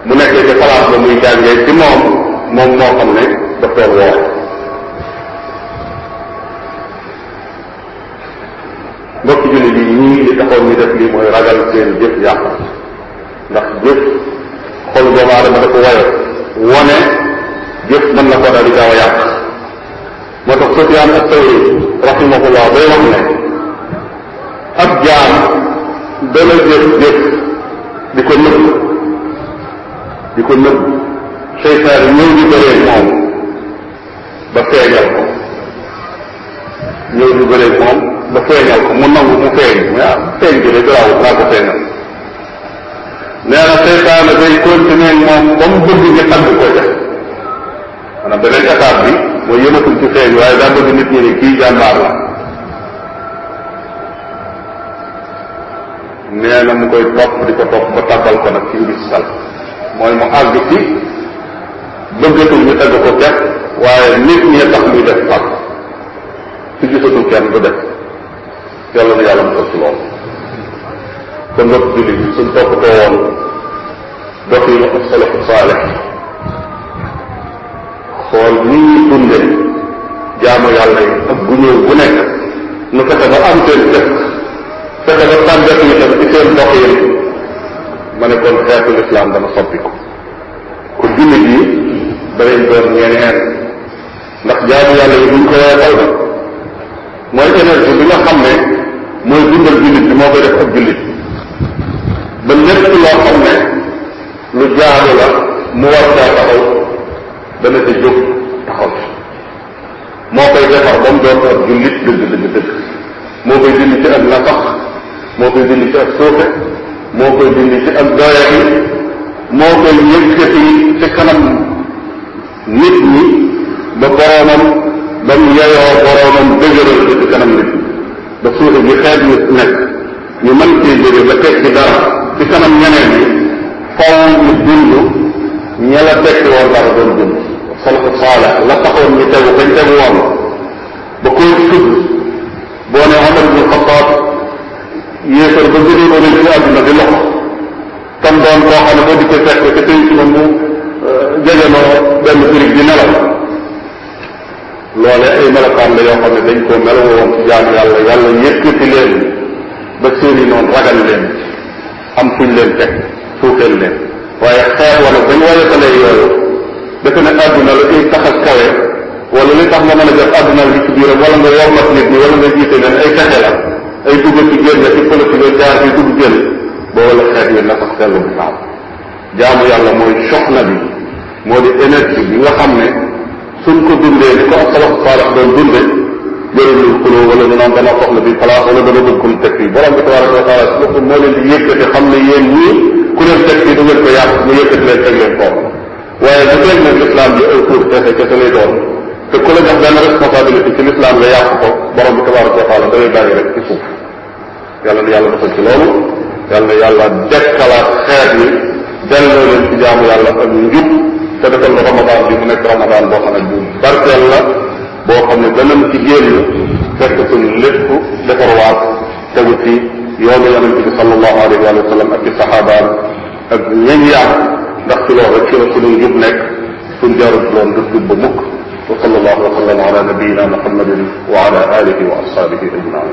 Speaker 1: mu nekkee ci place ba muy jàngee ci moom moom moo xam ne daf koy woor mbokk jullit yi ñii li taxaw ñu def lii mooy ragal seen jëf yàq ndax jëf xol doomu aadama dafa wayo wone jëf mën na ko daal di gaaw a yàq moo tax Sufyaan as-Sawri rahimahullah day wax ne ab jaam dana jëf jëf di ko nëbb di ko nëbb seytaane ñëw di bëree moom ba feeñal ko ñëw di moom ba feeñal ko mu nangu mu feeñ mais ah feeñ bi de garaaw naa ko feeñal nee na seytaane day continuer moom ba mu bëgg nga tagg ko ca maanaam beneen bi mooy yëmatul ci feeñ waaye daa bëgg nit ñi ne kii jàmbaar la nee na mu koy topp di ko topp ba tabbal ko nag ci ubbi mooy mu àgg ci bëggatul ñu tagg ko kepp waaye nit ñi tax muy def fàq su gisatul kenn du def yàlla na yàlla mu ëpp lool kon nag jullit suñ toppatoo woon dox yi lu ab salaf saalih xool ni ñuy dunde jaamu yàlla yi ak bu ñëw bu nekk nu am seen dëkk fexe ba tàggat yi tam ci seen dox yi ma ne kon xeetu lislaam dana ko jullit yi danañ doon ñeneen ndax jaamu yàlla yi buñ ko weesal na mooy énergie bi nga xam ne mooy dundal jullit bi moo koy def ak jullit ba lépp loo xam ne lu jaamu la mu war caa taxaw dana ca jóg taxaw ci moo koy defar ba mu doon ab jullit dëgg dëgg dëgg moo koy dindi ci ak nafax moo koy dindi ci ak suufe moo koy dindi ci ak doya bi moo koy yëkkati ci kanam nit ñi ba boroomam ba mu yeyoo boroomam dëgëral ko ci kanam nit ba suufe gi xeet ñu nekk ñu mën cee jóge ba teg ci dara ci kanam ñeneen ñi faw ñu dund ña la tekki woon dara doon dund salafu saalih la taxoon ñu tegu bañ tegu woon ba koy tudd boo ne Omar bin Xattaab yéefar ba gënee ba rëy ci àdduna di loxo tam doon koo xam ne boo di ko fekk te tey ci mu euh, jegenoo benn birig di nelaw loole ay melokaan la yoo xam ne dañ koo meloo woon ci jaam yàlla yàlla yëkkati leen ba seeni noonu ragal leen am fuñ leen teg suufeel leen waaye xeet wala bañ wayatalee yooyu defe ne àdduna la koy tax a kawe wala li tax nga mën a jot àdduna li ci biiram wala nga wormat nit ñi wala nga jiite leen ay pexe la ay dugg ci génn ci politique ay jaar ci dugg génn boobu la xeet yi naka sell bu baax jaamu yàlla mooy soxna bi moo di énergie bi nga xam ne suñ ko dundee ni ko ak salax saalax doon dunde jëriñ lu xuloo wala ñu naan dana soxla bi place wala dana bëgg kum teg fii borom bi tabaraka wa taala si bopp moo leen di yëkkati xam ne yéen ñii ku leen teg fii du ngeen ko yàq mu yëkkati leen teg leen foofu waaye bu teg nag l'islam bi ay tuur kese kese te ku la jox benn responsabilité ci l'islam nga yàq ko borom wa taala dalay bàyyi rek ci suuf yàlla na yàlla defal ci loolu yàlla na yàlla dekkalaat xeet yi delloo leen ci jaamu yàlla ak te defal na ramadan bi mu nekk ramadan boo ne bu barkeel la boo ne danañ ci génn fekk suñu lépp defarwaat tegu ci yoonu yonente bi sallallahu alayhi wa sallam ak ci ndax ci loolu rek ci la suñuy jub nekk suñ jaarut loolu du jub ba mukk wa sallallahu wa sallam ala nabiyina muhammadin wa ala alihi wa ashabihi ajmain